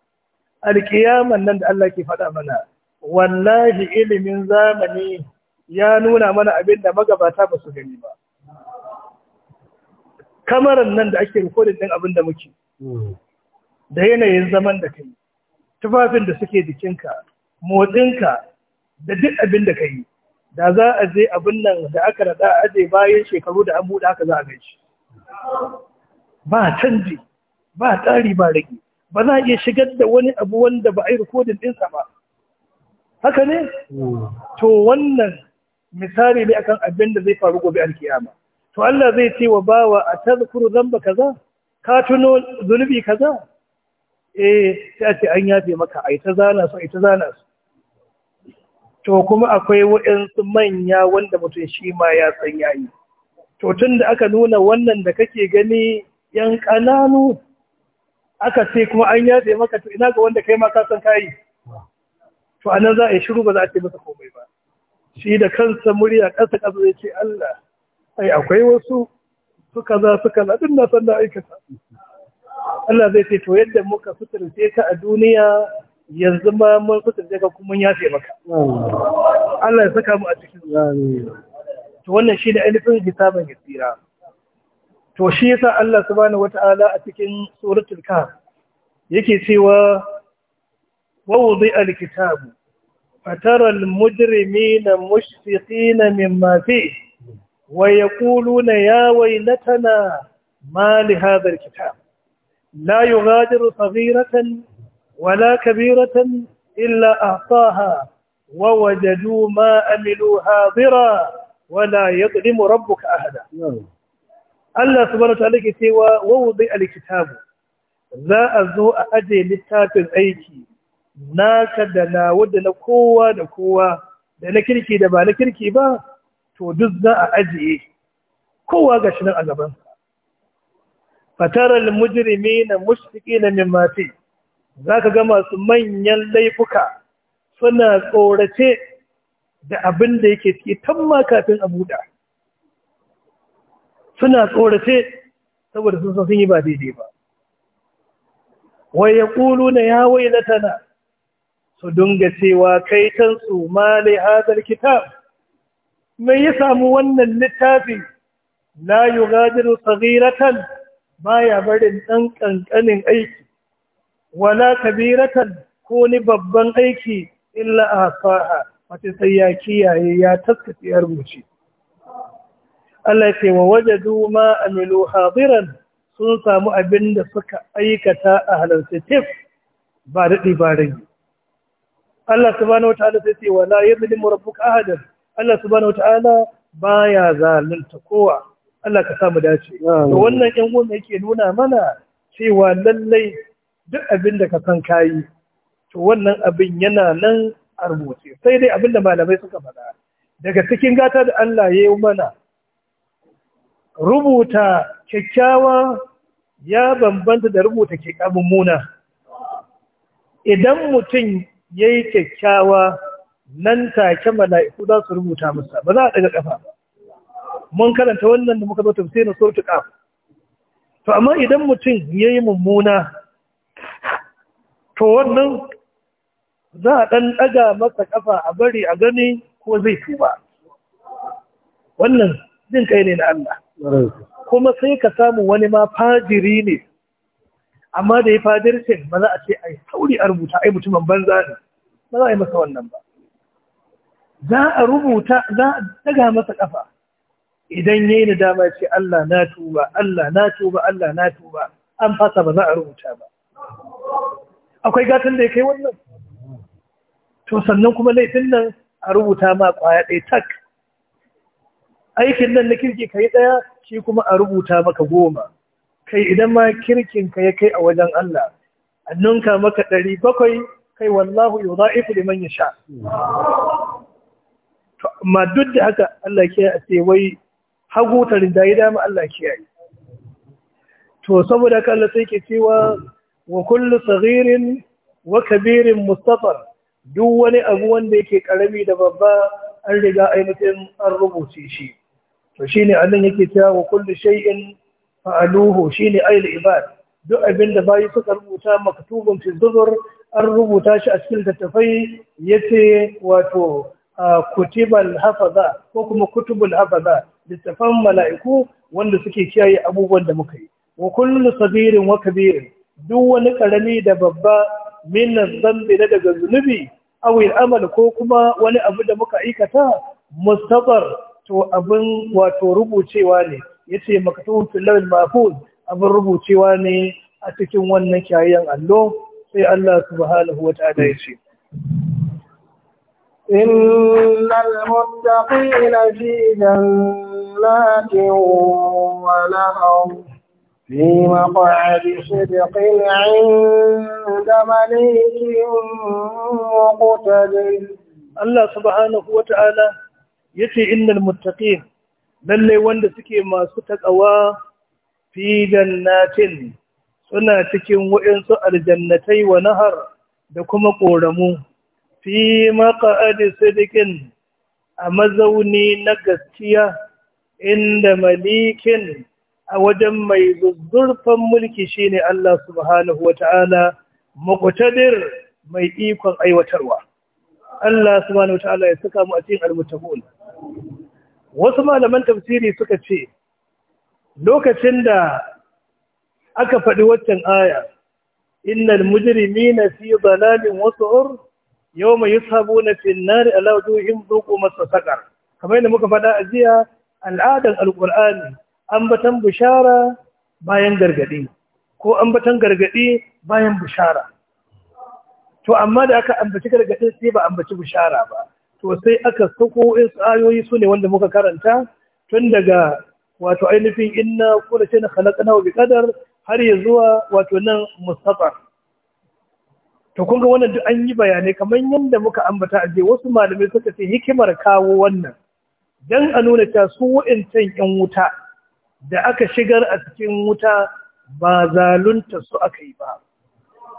Speaker 1: alƙiyaman nan da Allah ke faɗa mana wallahi ilimin zamani ya nuna mana abin da magabata ba su gani ba kamarar nan da ake rikodin ɗin abin da muke hmm. da yanayin zaman da kai tufafin da suke jikinka motsinka da duk abin da kai da za a je abin nan da aka rada aje bayan shekaru da an buɗe haka za a gaishe ba canji ba tsari ba rage ba za a iya shigar da wani abu wanda ba a yi rikodin ɗinsa ba haka ne to wannan misali ne akan abin da zai faru gobe alkiyama to Allah zai ce wa bawa a zamba kaza ka tuno zunubi kaza eh sai a ce an yafe maka ai ta zana su ai ta zana su to kuma akwai waɗansu manya wanda mutum shi ma ya san yayi to tun da aka nuna wannan da kake gani yan ƙananu aka ce kuma an yafe maka to ina ga wanda kai ma ka san kayi to anan za a yi shiru ba za a ce masa komai ba shi da kansa murya ƙasa ƙasa zai ce Allah ai akwai wasu suka za suka za din na san da aikata Allah zai ce to yadda muka suturce ka a duniya yanzu ma mun suturce ka kuma fi maka Allah ya saka mu a cikin to wannan shi da ainihin hisabin gasira to shi yasa Allah subhanahu wata'ala a cikin suratul kahf yake cewa ووضع الكتاب فترى المجرمين مشفقين مما فيه ويقولون يا ويلتنا ما لهذا الكتاب لا يغادر صغيرة ولا كبيرة إلا أعطاها ووجدوا ما عملوا حاضرا ولا يظلم ربك أحدا نعم. الله سبحانه وتعالى ke cewa wawdi alkitabu za a zo a naka da na wadda na kowa da kowa da na kirki da ba na kirki ba to duk za a ajiye kowa ga shi nan a gaban fataral mujrimi na mushtiki na mimmafi za ka ga masu manyan laifuka suna tsorace da abin da yake ciki tamma kafin a buɗa suna tsorace saboda sun sun yi ba daidai ba wai ya ƙulu na ya tana? su dunga cewa kai tansu ma lai hadar kitab mai ya samu wannan littafi la yughadiru ba baya barin ɗan ƙanƙanin aiki wala kabiratan ko ni babban aiki illa fa'a? wata sai ya kiyaye ya taskace ya rubuce Allah ce wa wajadu ma amilu hadiran sun samu abin da suka aikata a halarci ba daɗi ba rage Allah subhanahu wataala sai ce wala yadhlimu rabbuka ahada Allah subhanahu wataala baya zalunta kowa Allah ka samu dace to wannan yan uwan yake nuna mana cewa lallai duk abin da ka san kayi to wannan abin yana nan a rubuce sai dai abin da malamai suka faɗa daga cikin gata da Allah ya yi mana rubuta kyakkyawa ya bambanta da rubuta kyakkyawan muna idan mutum ya yi kyakkyawa nan take mala'iku za su rubuta masa ba za a daga ƙafa. mun karanta wannan da muka zo na suratul ƙaf to amma idan mutum ya yi mummuna to wannan za a ɗan ɗaga masa ƙafa a bari a gani ko zai tuba wannan jin kai ne na
Speaker 2: Allah
Speaker 1: kuma sai ka samu wani ma fajiri ne amma da ya sin ba za a ce a yi sauri a rubuta ai mutumin banza ne ba za a yi masa wannan ba za a rubuta za a daga masa kafa idan ya yi nadama dama ce Allah na tuba Allah na tuba Allah na tuba an fasa ba za a rubuta ba akwai gatan da ya kai wannan to sannan kuma laifin nan a rubuta ma kwaya ɗaya tak aikin nan na kirki ka yi ɗaya shi kuma a rubuta maka goma kai idan ma kirkin ka ya kai a wajen Allah annunka maka ɗari bakwai kai wallahu yudha'ifu liman sha. to amma duk da haka Allah ke a ce wai hagu ta rindayi dama Allah ke yi to saboda haka Allah sai ke cewa wa kullu saghirin wa kabirin duk wani abu wanda yake karami da babba an riga ainihin an rubuce shi to shine Allah yake cewa wa kullu shay'in fa'aluhu ne ayyar ibad duk abinda bayi suka rubuta maktubun fi an rubuta shi a cikin tattafai yace wato kutibal hafaza ko kuma kutubul hafaza littafan mala'iku wanda suke kiyaye abubuwan da muka yi wa kullu sabirin wa kabirin duk wani karami da babba minan zambi na daga zunubi awin amal ko kuma wani abu da muka aikata mustabar to abin wato rubucewa ne yace maktubun fil lawhil mahfuz abin rubucewa ne a cikin wannan kyayen allo sai Allah subhanahu wa ta'ala yace إن المتقين
Speaker 2: في جنات ونهر في
Speaker 1: مقعد صدق عند مليك مقتدر الله سبحانه وتعالى يتي إن المتقين lallai wanda suke masu taƙawa fi jannatin suna cikin waɗansu aljannatai wa nahar da kuma ƙoramu fi maƙa'adi sadikin a mazauni na gaskiya inda malikin a wajen mai zuzzurfan mulki shine Allah subhanahu wa ta'ala maƙutadir mai ikon aiwatarwa. Allah subhanahu wa ta'ala ya saka mu a cikin almuttaqun wasu malaman tafsiri suka ce lokacin da aka faɗi waccan aya innal mujrimina fi dalalin was'ur yawma yushabuna fi an-nar ala wujuhihim dhuqu massa kamar yadda muka faɗa a jiya al'adan alqur'ani ambatan bushara bayan gargadi ko ambatan gargadi bayan bushara, to amma da aka ambaci gargadin sai ba ambaci bishara ba to sai aka sako in ayoyi su ne wanda muka karanta tun daga wato ainihin inna kula ce na halakana wa biƙadar har ya zuwa wato nan mustafa to kun wannan duk an yi bayanai kamar yadda muka ambata a wasu malamai suka ce hikimar kawo wannan dan a nuna ta su wa'incan yan wuta da aka shigar a cikin wuta ba zalunta su aka yi ba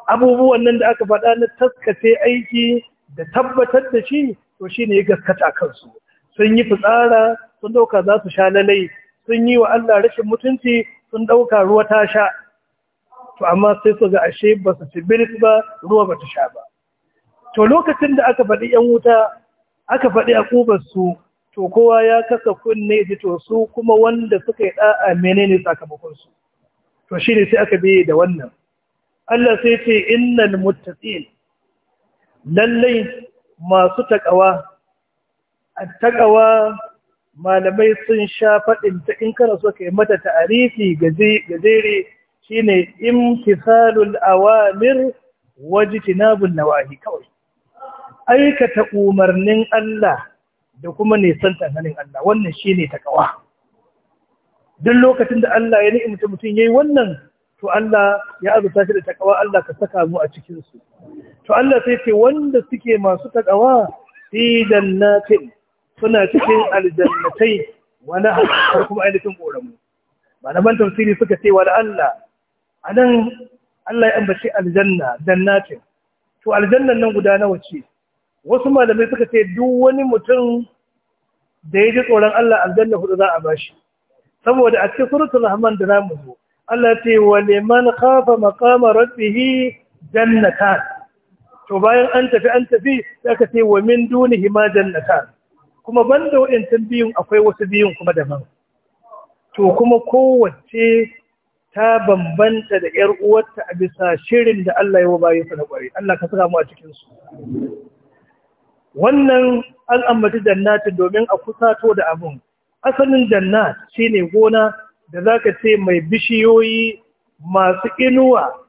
Speaker 1: abubuwan nan da aka faɗa na taskace aiki da tabbatar da shi to shi ya gaskata kansu sun yi fitsara sun dauka za su sha lalai sun yi wa Allah rashin mutunci sun dauka ruwa ta sha to amma sai su ga ashe ba su ci birit ba ruwa ba ta sha ba to lokacin da aka faɗi yan wuta aka faɗi a su to kowa ya kasa kunne ji to su kuma wanda suka yi da'a menene sakamakon su to ne sai aka biye da wannan Allah sai ce innal muttaqin lallai masu takawa a takawa malamai sun sha faɗin ta in kana so ka yi mata ta'arifi gajere shine imtisalul awamir wajtinabun nawahi kawai aikata umarnin Allah da kuma nisan hannun Allah wannan shine takawa duk lokacin da Allah ya ni'imta mutum yayi wannan to Allah ya azurta shi da takawa Allah ka saka mu a cikin su to Allah sai ce wanda suke masu takawa fi jannatin suna cikin aljannatai wani har kuma ainihin ƙoramu malaman tafsiri suka ce wa Allah a nan Allah ya ambace aljanna jannatin to aljannan nan guda nawa ce wasu malamai suka ce duk wani mutum da ya ji tsoron Allah aljanna hudu za a bashi saboda a cikin suratul rahman da zamu zo Allah ce wa liman khafa maqama rabbih jannatan to bayan an tafi an tafi sai aka ce wa min dunihi ma jannata kuma banda wa'ancan biyun akwai wasu biyun kuma daban to kuma kowace ta bambanta da ‘yar uwarta a bisa shirin da Allah ya wabaye sa da ƙwari, Allah ka saka mu a cikinsu. Wannan an ambaci jannatin domin a kusato da abun. Asalin jannat shine gona da za ka ce mai bishiyoyi masu inuwa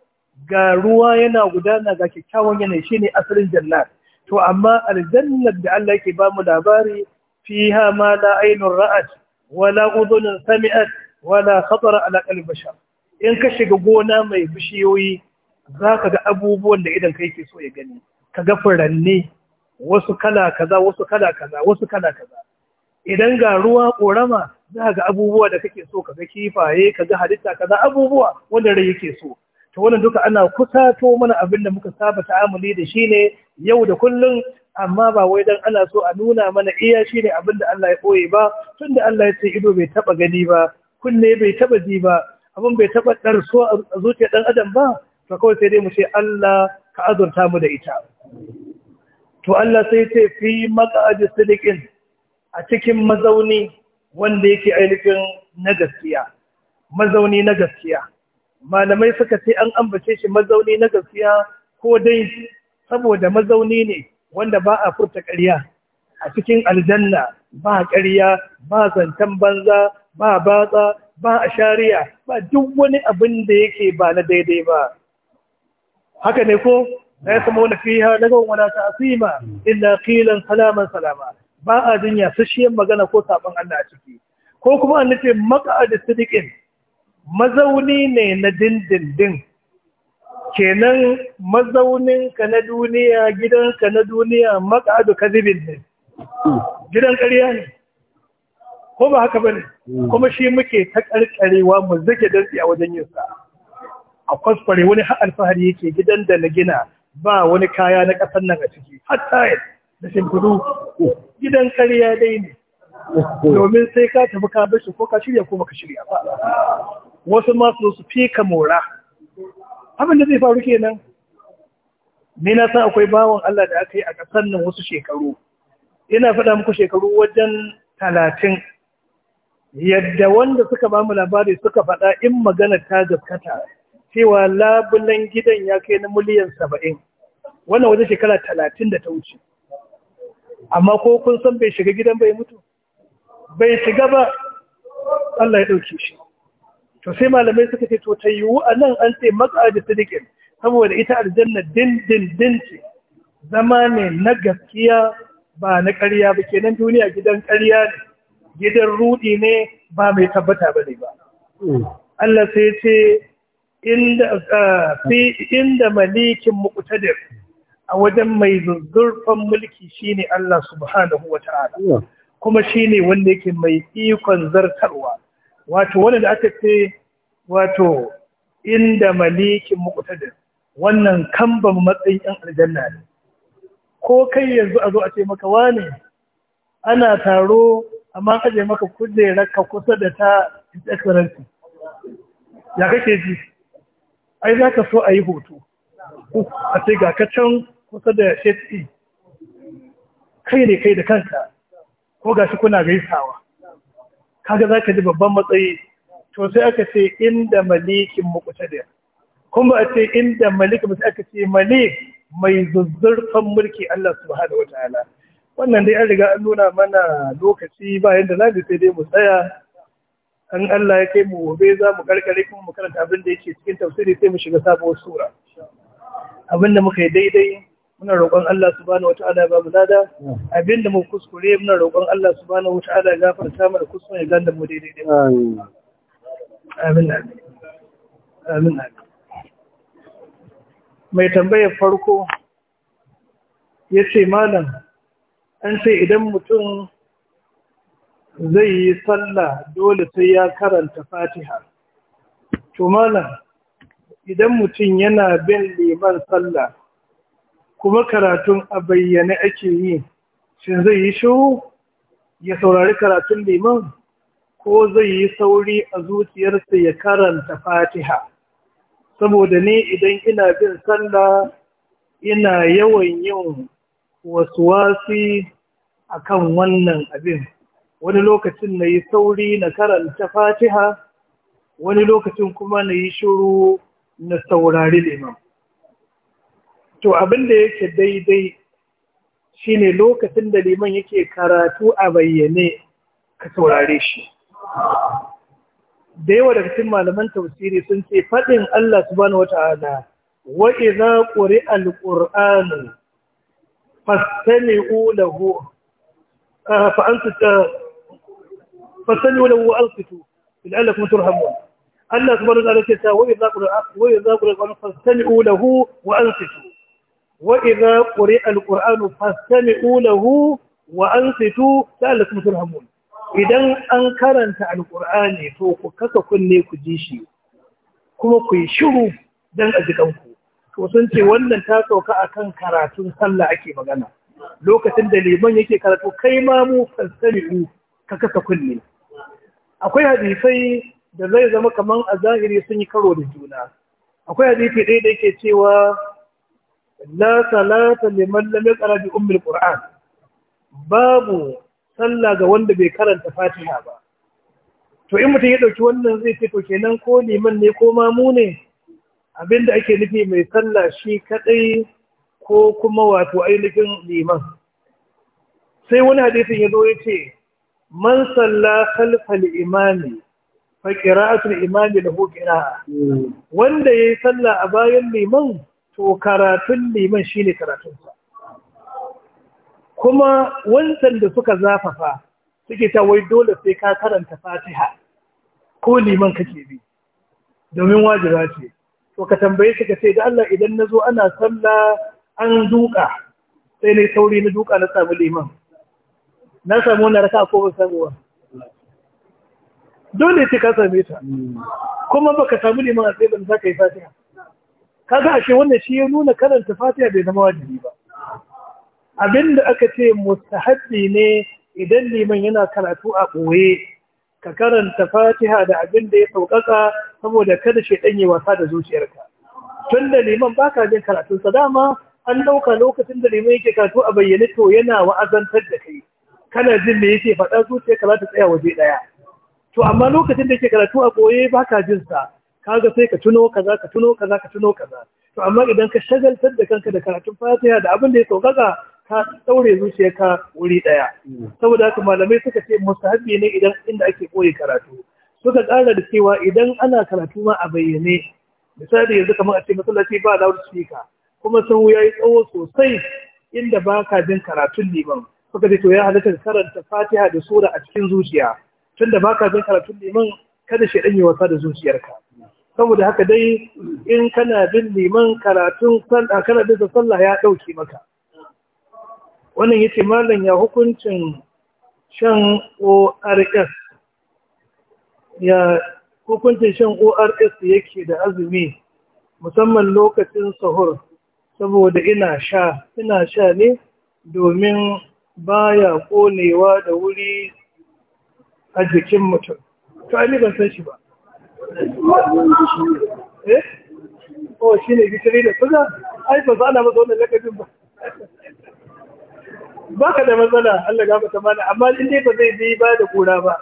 Speaker 1: ga ruwa yana gudana ga kyakkyawan yanayi shine asalin jannat to amma aljannar da Allah yake ba mu labari fiha ma la ainun ra'at wala udhunun sami'at wala khatara ala qalbi bashar in ka shiga gona mai bishiyoyi zaka ga abubuwan da idan kai ke so ya gani ka ga furanni wasu kala kaza wasu kala kaza wasu kala kaza idan ga ruwa korama za ga abubuwa da kake so ka ga kifaye ka ga halitta kaza abubuwa wanda rai yake so to wannan duka ana kusato mana abin da muka saba ta ta'amuli da shi ne yau da kullum amma ba wai dan ana so a nuna mana iya shi ne abin da Allah ya koye ba tunda Allah ya ce ido bai taba gani ba kunne bai taba ji ba abin bai taba so a zuciyar dan adam ba to kawai sai dai mu ce Allah ka azurta mu da ita to Allah sai ce fi maq'ad sidiqin a cikin mazauni wanda yake ainihin na gaskiya mazauni na gaskiya malamai suka ce an ambace shi mazauni na gaskiya ko dai saboda mazauni ne wanda ba a furta ƙarya a cikin aljanna ba ƙarya ba zantan banza ba batsa ba a shari'a ba duk wani abin da yake ba na daidai ba haka ne ko 'Na la yasamuna fiha lagaw wani ta'sima illa ƙilan salaman salama ba a jinya, yasasshiyar magana ko sabon Allah a ciki ko kuma an nufin maqa'ad sidiqin mazauni ne na dindindin kenan mazauninka na duniya gidanka na duniya maka'adu zibin ne gidan ƙarya ne ko ba haka bane kuma shi muke ta karkarewa mu zake dantsi a wajen yin sa a kwaskware wani har alfahari yake gidan da na gina ba wani kaya na kasan nan a ciki har tayar da shimfidu gidan ƙarya dai ne domin sai ka tafi ka bashi ko ka shirya ko baka shirya ba wasu masu su ka mora abin da zai faru kenan ni na san akwai bawon Allah da aka yi a ƙasar nan wasu shekaru ina faɗa muku shekaru wajen talatin yadda wanda suka ba mu labari suka faɗa in magana ta gaskata cewa labulan gidan ya kai na miliyan saba'in wannan wajen shekara talatin da ta wuce amma ko kun san bai shiga gidan bai mutu bai shiga ba Allah ya ɗauke shi to sai malamai suka ce to ta yiwu a nan an ce da sadiƙin saboda ita aljanna din din ce zama ne na gaskiya ba na ƙarya ba kenan duniya gidan ƙarya ne gidan rudi ne ba mai tabbata ba ne ba hmm. Allah sai ce ah, inda malikin muqtadir a wajen mai zurfan mulki shine Allah subhanahu ta'ala hmm. kuma shine wanda yake mai ikon zartarwa wato wanda aka ce wato inda malikin muqtadir wannan kamban matsayin yan aljanna ne ko kai yanzu a zo a ce maka wane ana taro amma aje maka kujerarka ka kusa da ta excellency ya kake ji ai za ka so a yi hoto a ce ga kacan kusa da sheti kai ne kai da kanka ko gashi kuna gaisawa kaga za ka ji babban matsayi to sai aka ce inda malikin muqtadir kuma a ce inda malik mu sai aka ce malik mai zuzzurfan mulki Allah subhanahu wataala wannan dai an riga an nuna mana lokaci bayan da za mu sai dai mu tsaya an Allah ya kai mu gobe za mu karkare kuma mu karanta abin da yake cikin tafsiri sai mu shiga sabuwar sura abin da muka yi daidai muna roƙon Allah subhanahu wata'ala ba mu lada abinda mu kuskure muna roƙon Allah subhanahu wata'ala ya gafarta mana kuskure ya ganda mu daidai dai amin amin amin mai tambayar farko ya ce malam an ce idan mutum zai yi sallah dole sai ya karanta fatiha to malam idan mutum yana bin liman sallah kuma karatun a bayyane ake yi shin zai yi shiru ya saurari karatun liman ko zai yi sauri a zuciyarsa ya karanta fatiha saboda ni idan ina bin sallah ina yawan yin wasuwasi kan wannan abin wani lokacin na yi sauri na karanta fatiha wani lokacin kuma na yi shiru na saurari liman to abin da yake daidai shi ne lokacin da liman yake karatu a bayyane ka saurare shi da yawa daga cikin malaman tafsiri sun ce faɗin Allah subhanahu wata'ala wa idza quri'a al-qur'anu fastami'u lahu fa antu fastami'u lahu wa alqitu la'allakum turhamun Allah subhanahu wata'ala ce ta wa idza quri'a wa idza quri'a fastami'u lahu wa ansitu وإذا قرئ القرآن فاستمعوا له وأنصتوا لعلكم ترحمون idan an karanta alƙur'ani to ku kasa kunne ku ji shi kuma ku shiru don a jikanku to ce wannan ta sauka a kan karatun sallah ake magana lokacin da liman yake karatu kai ma mu fasali'u ka kasa kunne akwai hadisai da zai zama kaman a zahiri sun yi karo da juna akwai hadisi ɗaya da yake cewa la salata liman lam yaqra bi ummi alquran babu sallah ga wanda bai karanta fatiha ba to in mutum ya dauki wannan zai ce to kenan ko liman ne ko mamu ne abinda ake nufi mai sallah shi kadai ko kuma wato ainihin liman sai wani hadisin ya zo ya ce man salla khalfal imami fa qira'atul imami lahu qira'a wanda yayi sallah a bayan liman to karatun liman shi ne karatunsa kuma wancan da suka zafafa suke ta wai dole sai ka karanta fatiha ko liman kake bi domin wajiba ce to ka tambaye suka ka ce da Allah idan na zo ana sallah an duka sai ne sauri na duka na samu liman na samu wani raka ko ban samu ba dole sai ka same ta kuma baka samu liman a tsaye ban za ka yi fatiha kaga ashe wannan shi ya nuna karanta fatiha bai zama wajibi ba abinda aka ce mustahabbi ne idan liman yana karatu a boye ka karanta fatiha da abin da ya saukaka saboda kada shi ɗanye wasa da zuciyarka tun da liman baka ka jin sa dama an ɗauka lokacin da liman yake karatu a bayyane to yana wa'azantar da kai kana jin da yake faɗa zuciyarka za ta tsaya waje ɗaya to amma lokacin da yake karatu a boye baka jin sa kaga sai ka tuno kaza ka tuno kaza ka tuno kaza to amma idan ka shagaltar da kanka da karatun fatiha da abin da ya saukaka ka daure zuciyarka wuri daya saboda haka malamai suka ce mustahabi ne idan inda ake koyi karatu suka ƙara da cewa idan ana karatu ma a bayyane misali yanzu kamar a ce masallaci ba loud kuma sun ya yi tsawo sosai inda ba ka jin karatun liman suka ce to ya halatta karanta fatiha da sura a cikin zuciya tunda ba ka jin karatun liman kada shi shaidan yi wasa da zuciyarka saboda haka dai in kana bin liman karatun sallah kana bin sallah ya dauke maka wannan yace mallan ya hukuncin shan ORS ya hukuncin shan ORS yake da azumi musamman lokacin sahur saboda ina sha ina sha ne domin baya konewa da wuri a jikin mutum to ai ban san shi ba eh oh gishiri da kuza ai ba ana lakabin ba baka da matsala Allah ga mata mana amma in dai ba zai bi ba da kura ba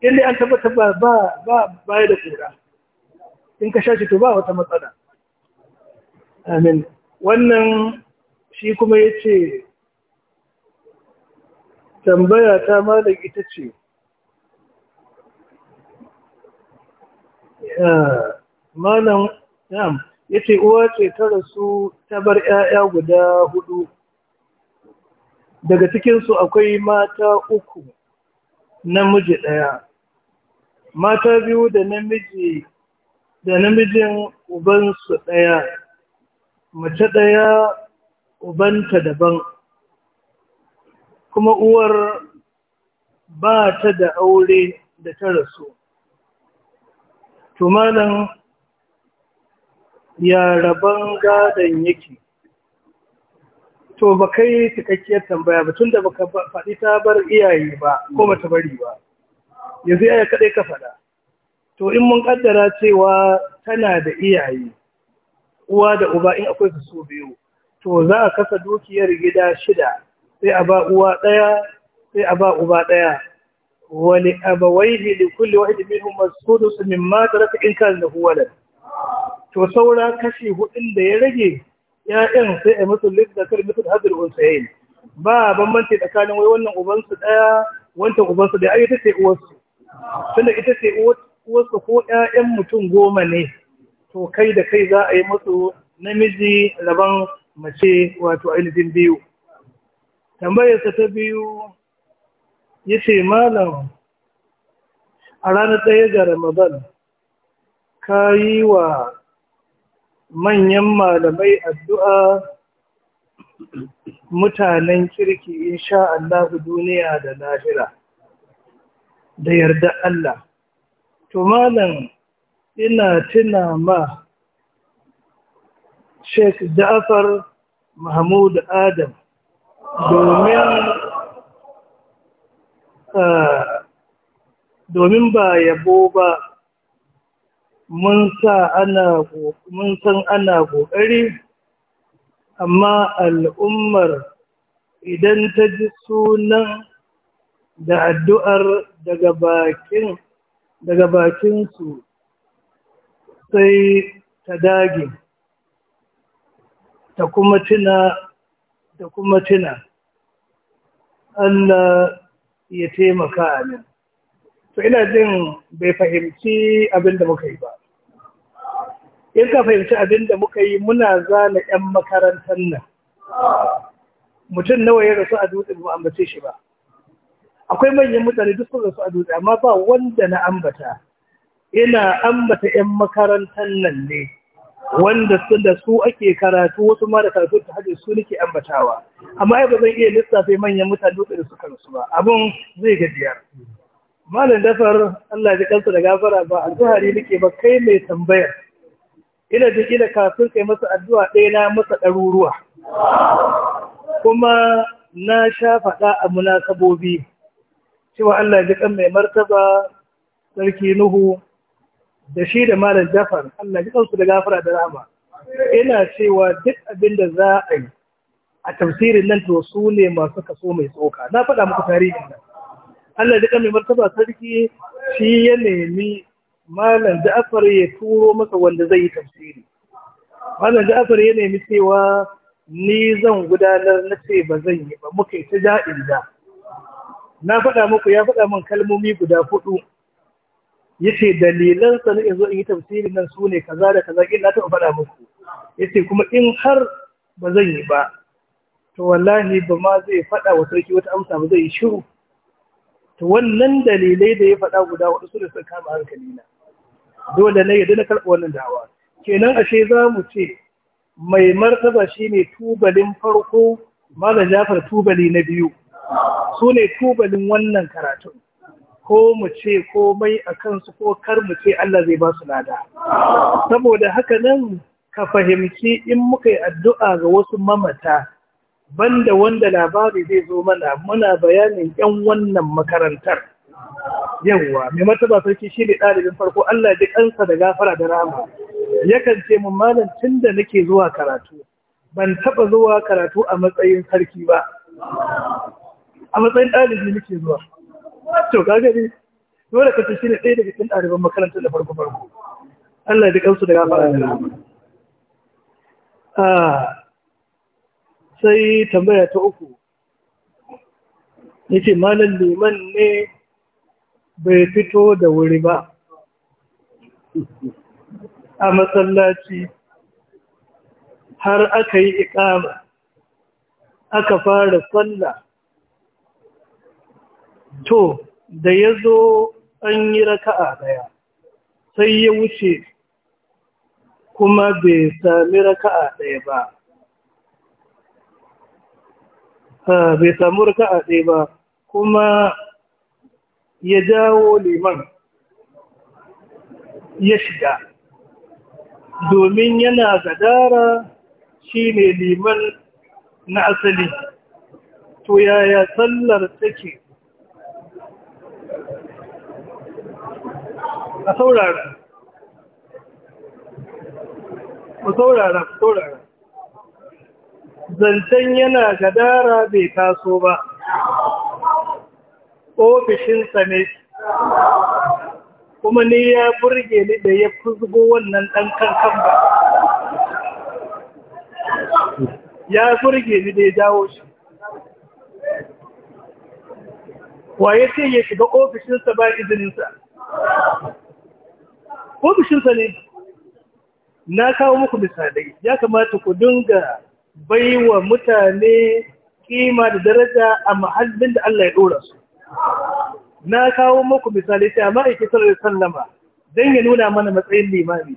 Speaker 1: in dai an tabbata ba ba baya da kura in ka shi to ba wata matsala amin wannan shi kuma yace tambaya ta malam ita ce Eh, malam ya ce uwa ce ta rasu ta bar 'ya'ya guda hudu daga cikinsu akwai mata uku namiji ɗaya mata biyu da namiji da namijin ubansu ɗaya mace ɗaya ubanta daban kuma uwar ba ta da aure da ta rasu to malam ya rabon gadon yake to ba kai cikakkiyar tambaya ba tun tunda baka faɗi ta bar iyaye ba ko bata bari ba yanzu ya kaɗai ka faɗa to in mun ƙaddara cewa tana da iyaye uwa da uba in akwai su so biyu to za a kasa dukiyar gida shida sai a ba uwa ɗaya sai a ba uba ɗaya ولأبويه لكل واحد منهم السدس مما ترك إن كان له ولد to saura kashi hudun da ya rage ‘ya'yan sai a mutu littattafar mutu hadir unsayin ba bambanci tsakanin wai wannan ubansu ɗaya wancan ubansu da ai ita ce uwarsu tunda ita ce uwarsu ko ‘ya'yan mutum goma ne to kai da kai za a yi musu namiji rabon mace wato ainihin biyu tambayarsa ta biyu Yace malam a ranar ɗaya ga ramadan ka yi wa manyan malamai addu'a mutanen kirki in sha Allah duniya da lahira da yarda Allah to malam ina tuna ma Sheikh Ja'far Mahmud Adam domin domin ba yabo ba mun san ana ƙoƙari amma al'ummar idan ta ji sunan da addu'ar daga bakinsu sai ta dage ta kuma tuna ta kuma Allah ya taimaka a nan to ina jin bai fahimci abin da muka yi ba in ka fahimci abin da muka yi muna zana 'yan makarantar nan mutum nawa ya rasu a dutse ba ambace shi ba akwai manyan mutane duk sun rasu a dutse amma ba wanda na ambata ina ambata 'yan makarantar nan ne wanda su da su ake karatu wasu ma da karatu ta hajji su nake ambatawa amma ya bazan zan iya lissafe manyan mutane da suka rasu ba abun zai gajiyar malam dafar Allah ji kansa da gafara ba alfahari nake ba kai mai tambayar ina da kila kafin kai masa addu'a ɗaya na masa ɗaruruwa kuma na sha faɗa a munasabobi cewa Allah ji kan mai martaba sarki Nuhu da shi da malam jafar Allah ji kansu da gafara da rahama ina cewa duk abin da za a yi a tafsirin nan to su ne masu kaso mai tsoka na faɗa muku tarihin nan Allah ji mai martaba sarki shi ya nemi malam jafar ya turo masa wanda zai yi tafsiri malam jafar ya nemi cewa ni zan gudanar na ce ba zan yi ba muka yi ta ja'in da na faɗa muku ya faɗa min kalmomi guda hudu yace dalilan sa ne zo in yi tafsiri nan sune kaza da kaza kin na taɓa faɗa muku yace kuma in har ba zan yi ba to wallahi ba ma zai faɗa wa sarki wata amsa ba zai yi shiru to wannan dalilai da ya faɗa guda hudu su da suka kama hankali na dole ne yadda na karɓa wannan dawa kenan ashe za mu ce mai martaba shine tubalin farko malam jafar tubali na biyu su ne tubalin wannan karatun ko mu ce komai a kansu ko kar mu ce Allah zai ba su lada saboda haka nan ka fahimci in muka yi addu'a ga wasu mamata banda wanda labari zai zo mana muna bayanin yan wannan makarantar yawwa mai mataba sarki shi ne ɗalibin farko Allah ji kansa da gafara da rama yakan ce mun malam tun da nake zuwa karatu ban taɓa zuwa karatu a matsayin sarki ba a matsayin ɗalibi nake zuwa to ka gani dole ka tashi ne ɗaya daga cikin ɗaliban makaranta da farko farko Allah ya kansu da gafara da rahama sai tambaya ta uku yace malam liman ne bai fito da wuri ba a masallaci har aka yi iƙama aka fara sallah to da ya zo an yi raka'a daya sai ya wuce kuma bai sami raka'a daya ba bai samu raka'a daya ba kuma ya jawo liman ya shiga domin yana gadara shi ne liman na asali to yaya sallar take a saurara ku saurara ku saurara zancen yana gadara bai taso ba ofishinsa ne kuma ni ya burge ni da ya fuzgo wannan ɗan kankan ba ya burge ni da ya jawo shi Wa ya ce ya shiga ofishinsa ba izininsa Ko ofishinsa ne na kawo muku misalai ya kamata ku dinga baiwa mutane kima da daraja a mahallin da Allah ya dora su na kawo muku misalai sai amma sallallahu alaihi sallama dan ya nuna mana matsayin limami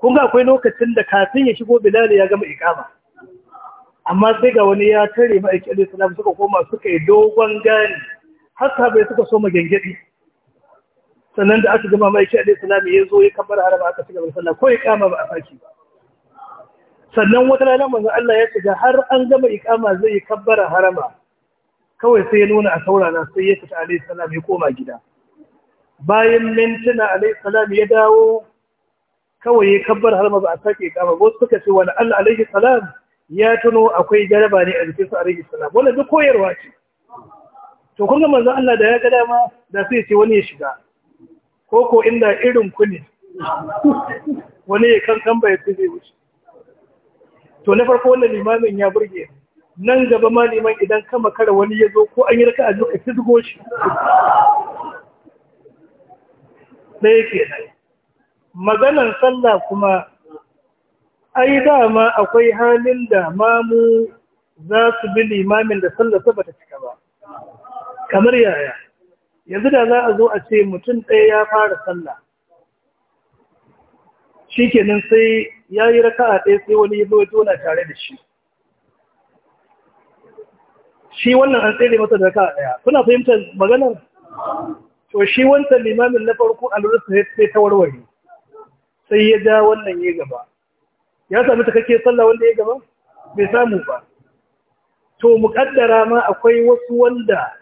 Speaker 1: kun ga akwai lokacin da kafin ya shigo bilal ya gama ikama amma sai ga wani ya tare mai alaihi wasallam suka koma suka yi dogon gani har sabai suka so magengedi sannan da aka gama mai shi alaihi salam ya zo ya kabbar haraba aka ci gaba sallah ko ya kama ba a saki ba sannan wata rana manzon Allah ya shiga har an gama ikama zai yi kabbara harama kawai sai ya nuna a saurana sai ya fita alaihi salam ya koma gida bayan mintuna alaihi salam ya dawo kawai ya kabbar harama ba a saki iqama ba suka ce wani Allah alaihi salam ya tuno akwai jaraba ne a jikin su alaihi salam wannan duk koyarwa ce to kun ga manzon Allah da ya ga dama da sai ce wani ya shiga koko inda irin ku ne wani ya kankan bai fi zai wuce to na farko wannan limamin ya burge nan gaba ma liman idan kama makara wani ya zo ko an yi raka a zo ka zugo shi da yake maganan sallah kuma ai dama akwai halin da mamu za su bi limamin da sallah saboda ta cika ba kamar yaya yanzu da za a zo a ce mutum ɗaya ya fara sallah shi kenan sai ya yi raka a ɗaya sai wani zo jona tare da shi shi wannan an tsere masa da raka a ɗaya kuna fahimtar maganar to shi wancan limamin na farko a lura sai ta warware sai ya ja wannan ya gaba ya sami ta kake sallah wanda ya gaba bai samu ba to muƙaddara ma akwai wasu wanda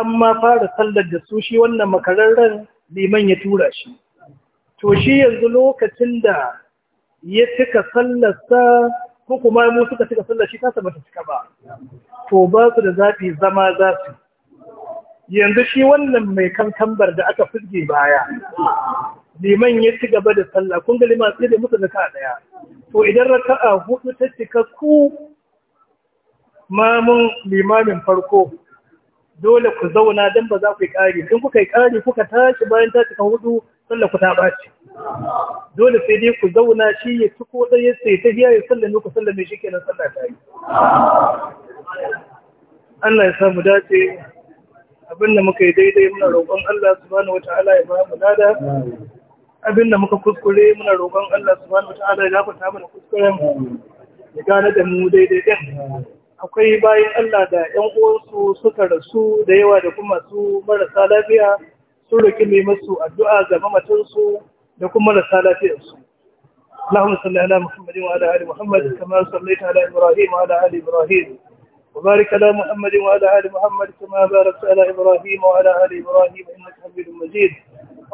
Speaker 1: An ma fara sallar da su shi wannan makararren liman ya tura shi to shi yanzu lokacin da ya cika sallarsa ko kuma mu suka cika sallar shi kasa bata cika ba to ba su da zafi zama za su yanzu shi wannan mai kankambar da aka fizge baya liman ya ci gaba da sallah kun ga liman sai da musu raka daya to idan raka'a hudu ta cika ku mamun limamin farko dole ku zauna don ba za ku yi ƙari in kuka yi ƙari kuka tashi bayan ta cika hudu sallar ku ta ɓaci dole sai dai ku zauna shi ya ci ko ɗaya sai ta biya ya sallame ku sallame shi kenan sallar ta yi Allah ya samu dace abin da muka yi daidai muna roƙon Allah subhanahu wata'ala ya ba mu lada abin da muka kuskure muna roƙon Allah subhanahu wata'ala ya gafarta mana kuskuren ya gane da mu daidai din akwai bayan Allah da ‘yan uwansu suka rasu da yawa da kuma su marasa lafiya sun roƙi mai masu addu'a ga mamatansu da kuma marasa lafiyarsu. Allahumma salli ala Muhammad wa ala ali Muhammad kama sallaita ala Ibrahim wa ala ali Ibrahim. Wa ala wa ala ali Muhammad kama barakta ala Ibrahim wa ala ali Ibrahim innaka Majid.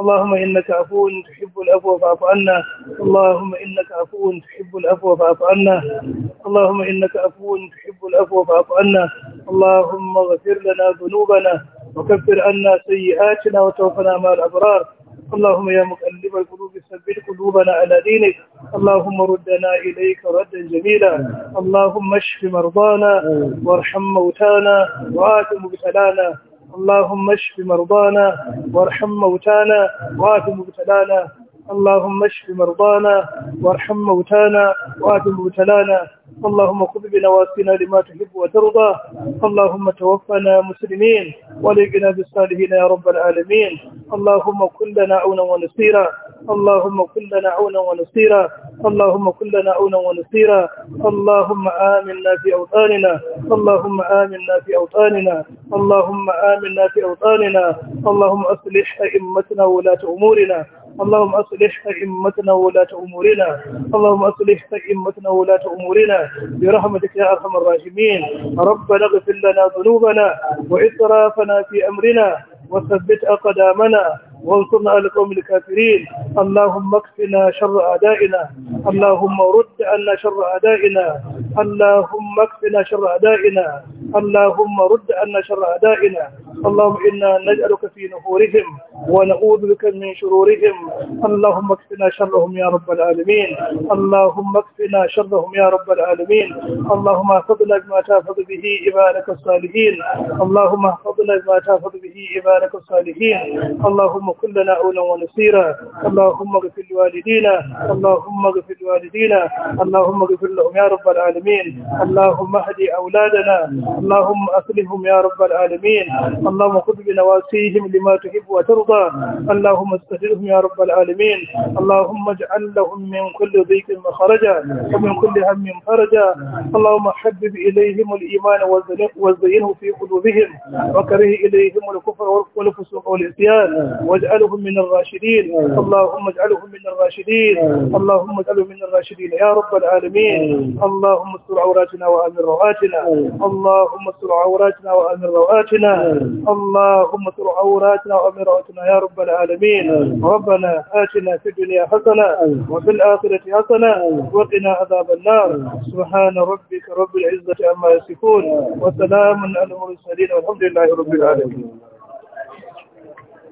Speaker 1: اللهم إنك عفو تحب العفو فاعف عنا اللهم إنك عفو تحب العفو فاعف عنا اللهم إنك عفو تحب العفو فاعف عنا اللهم اغفر لنا ذنوبنا وكفر عنا سيئاتنا وتوفنا مع الأبرار اللهم يا مقلب القلوب ثبت قلوبنا على دينك اللهم ردنا إليك ردا جميلا اللهم اشف مرضانا وارحم موتانا وآت مبتلانا اللهم اشف مرضانا وارحم موتانا وآت مبتلانا اللهم اشف مرضانا وارحم موتانا وآت مبتلانا اللهم خذ بنواسينا لما تحب وترضى اللهم توفنا مسلمين ولقنا بالصالحين يا رب العالمين اللهم كن لنا عونا ونصيرا اللهم كن لنا عونا ونصيرا اللهم كن لنا عونا ونصيرا اللهم آمنا في أوطاننا اللهم آمنا في أوطاننا اللهم آمنا في أوطاننا اللهم أصلح أئمتنا ولاة أمورنا اللهم أصلح أئمتنا ولاة أمورنا اللهم أصلح أئمتنا ولاة أمورنا برحمتك يا أرحم الراحمين ربنا اغفر لنا ذنوبنا وإسرافنا في أمرنا وثبت أقدامنا وانصرنا على القوم الكافرين اللهم اكفنا شر أعدائنا اللهم رد عنا شر أعدائنا اللهم اكفنا شر أعدائنا اللهم رد عنا شر أعدائنا اللهم إنا نجعلك في نفورهم ونعوذ بك من شرورهم اللهم اكفنا شرهم يا رب العالمين اللهم اكفنا شرهم يا رب العالمين اللهم احفظنا بما تحفظ به عبادك الصالحين اللهم احفظنا بما تحفظ به عبادك الصالحين اللهم اللهم كن لنا عونا ونصيرا اللهم اغفر لوالدينا اللهم اغفر لوالدينا اللهم اغفر لهم يا رب العالمين اللهم اهد اولادنا اللهم اصلحهم يا رب العالمين اللهم خذ بنواسيهم لما تحب وترضى اللهم استجرهم يا رب العالمين اللهم اجعل لهم من كل ضيق مخرجا ومن كل هم فرجا اللهم حبب اليهم الايمان وزينه في قلوبهم وكره اليهم الكفر والفسوق والعصيان واجعلهم من الراشدين اللهم اجعلهم من الراشدين اللهم اجعلهم من الراشدين يا رب العالمين اللهم استر عوراتنا وامن رواتنا اللهم استر عوراتنا وامن رواتنا اللهم استر عوراتنا وامن رواتنا يا رب العالمين ربنا آتنا في الدنيا حسنة وفي الآخرة حسنة وقنا عذاب النار سبحان ربك رب العزة عما يصفون وسلام على المرسلين والحمد لله رب العالمين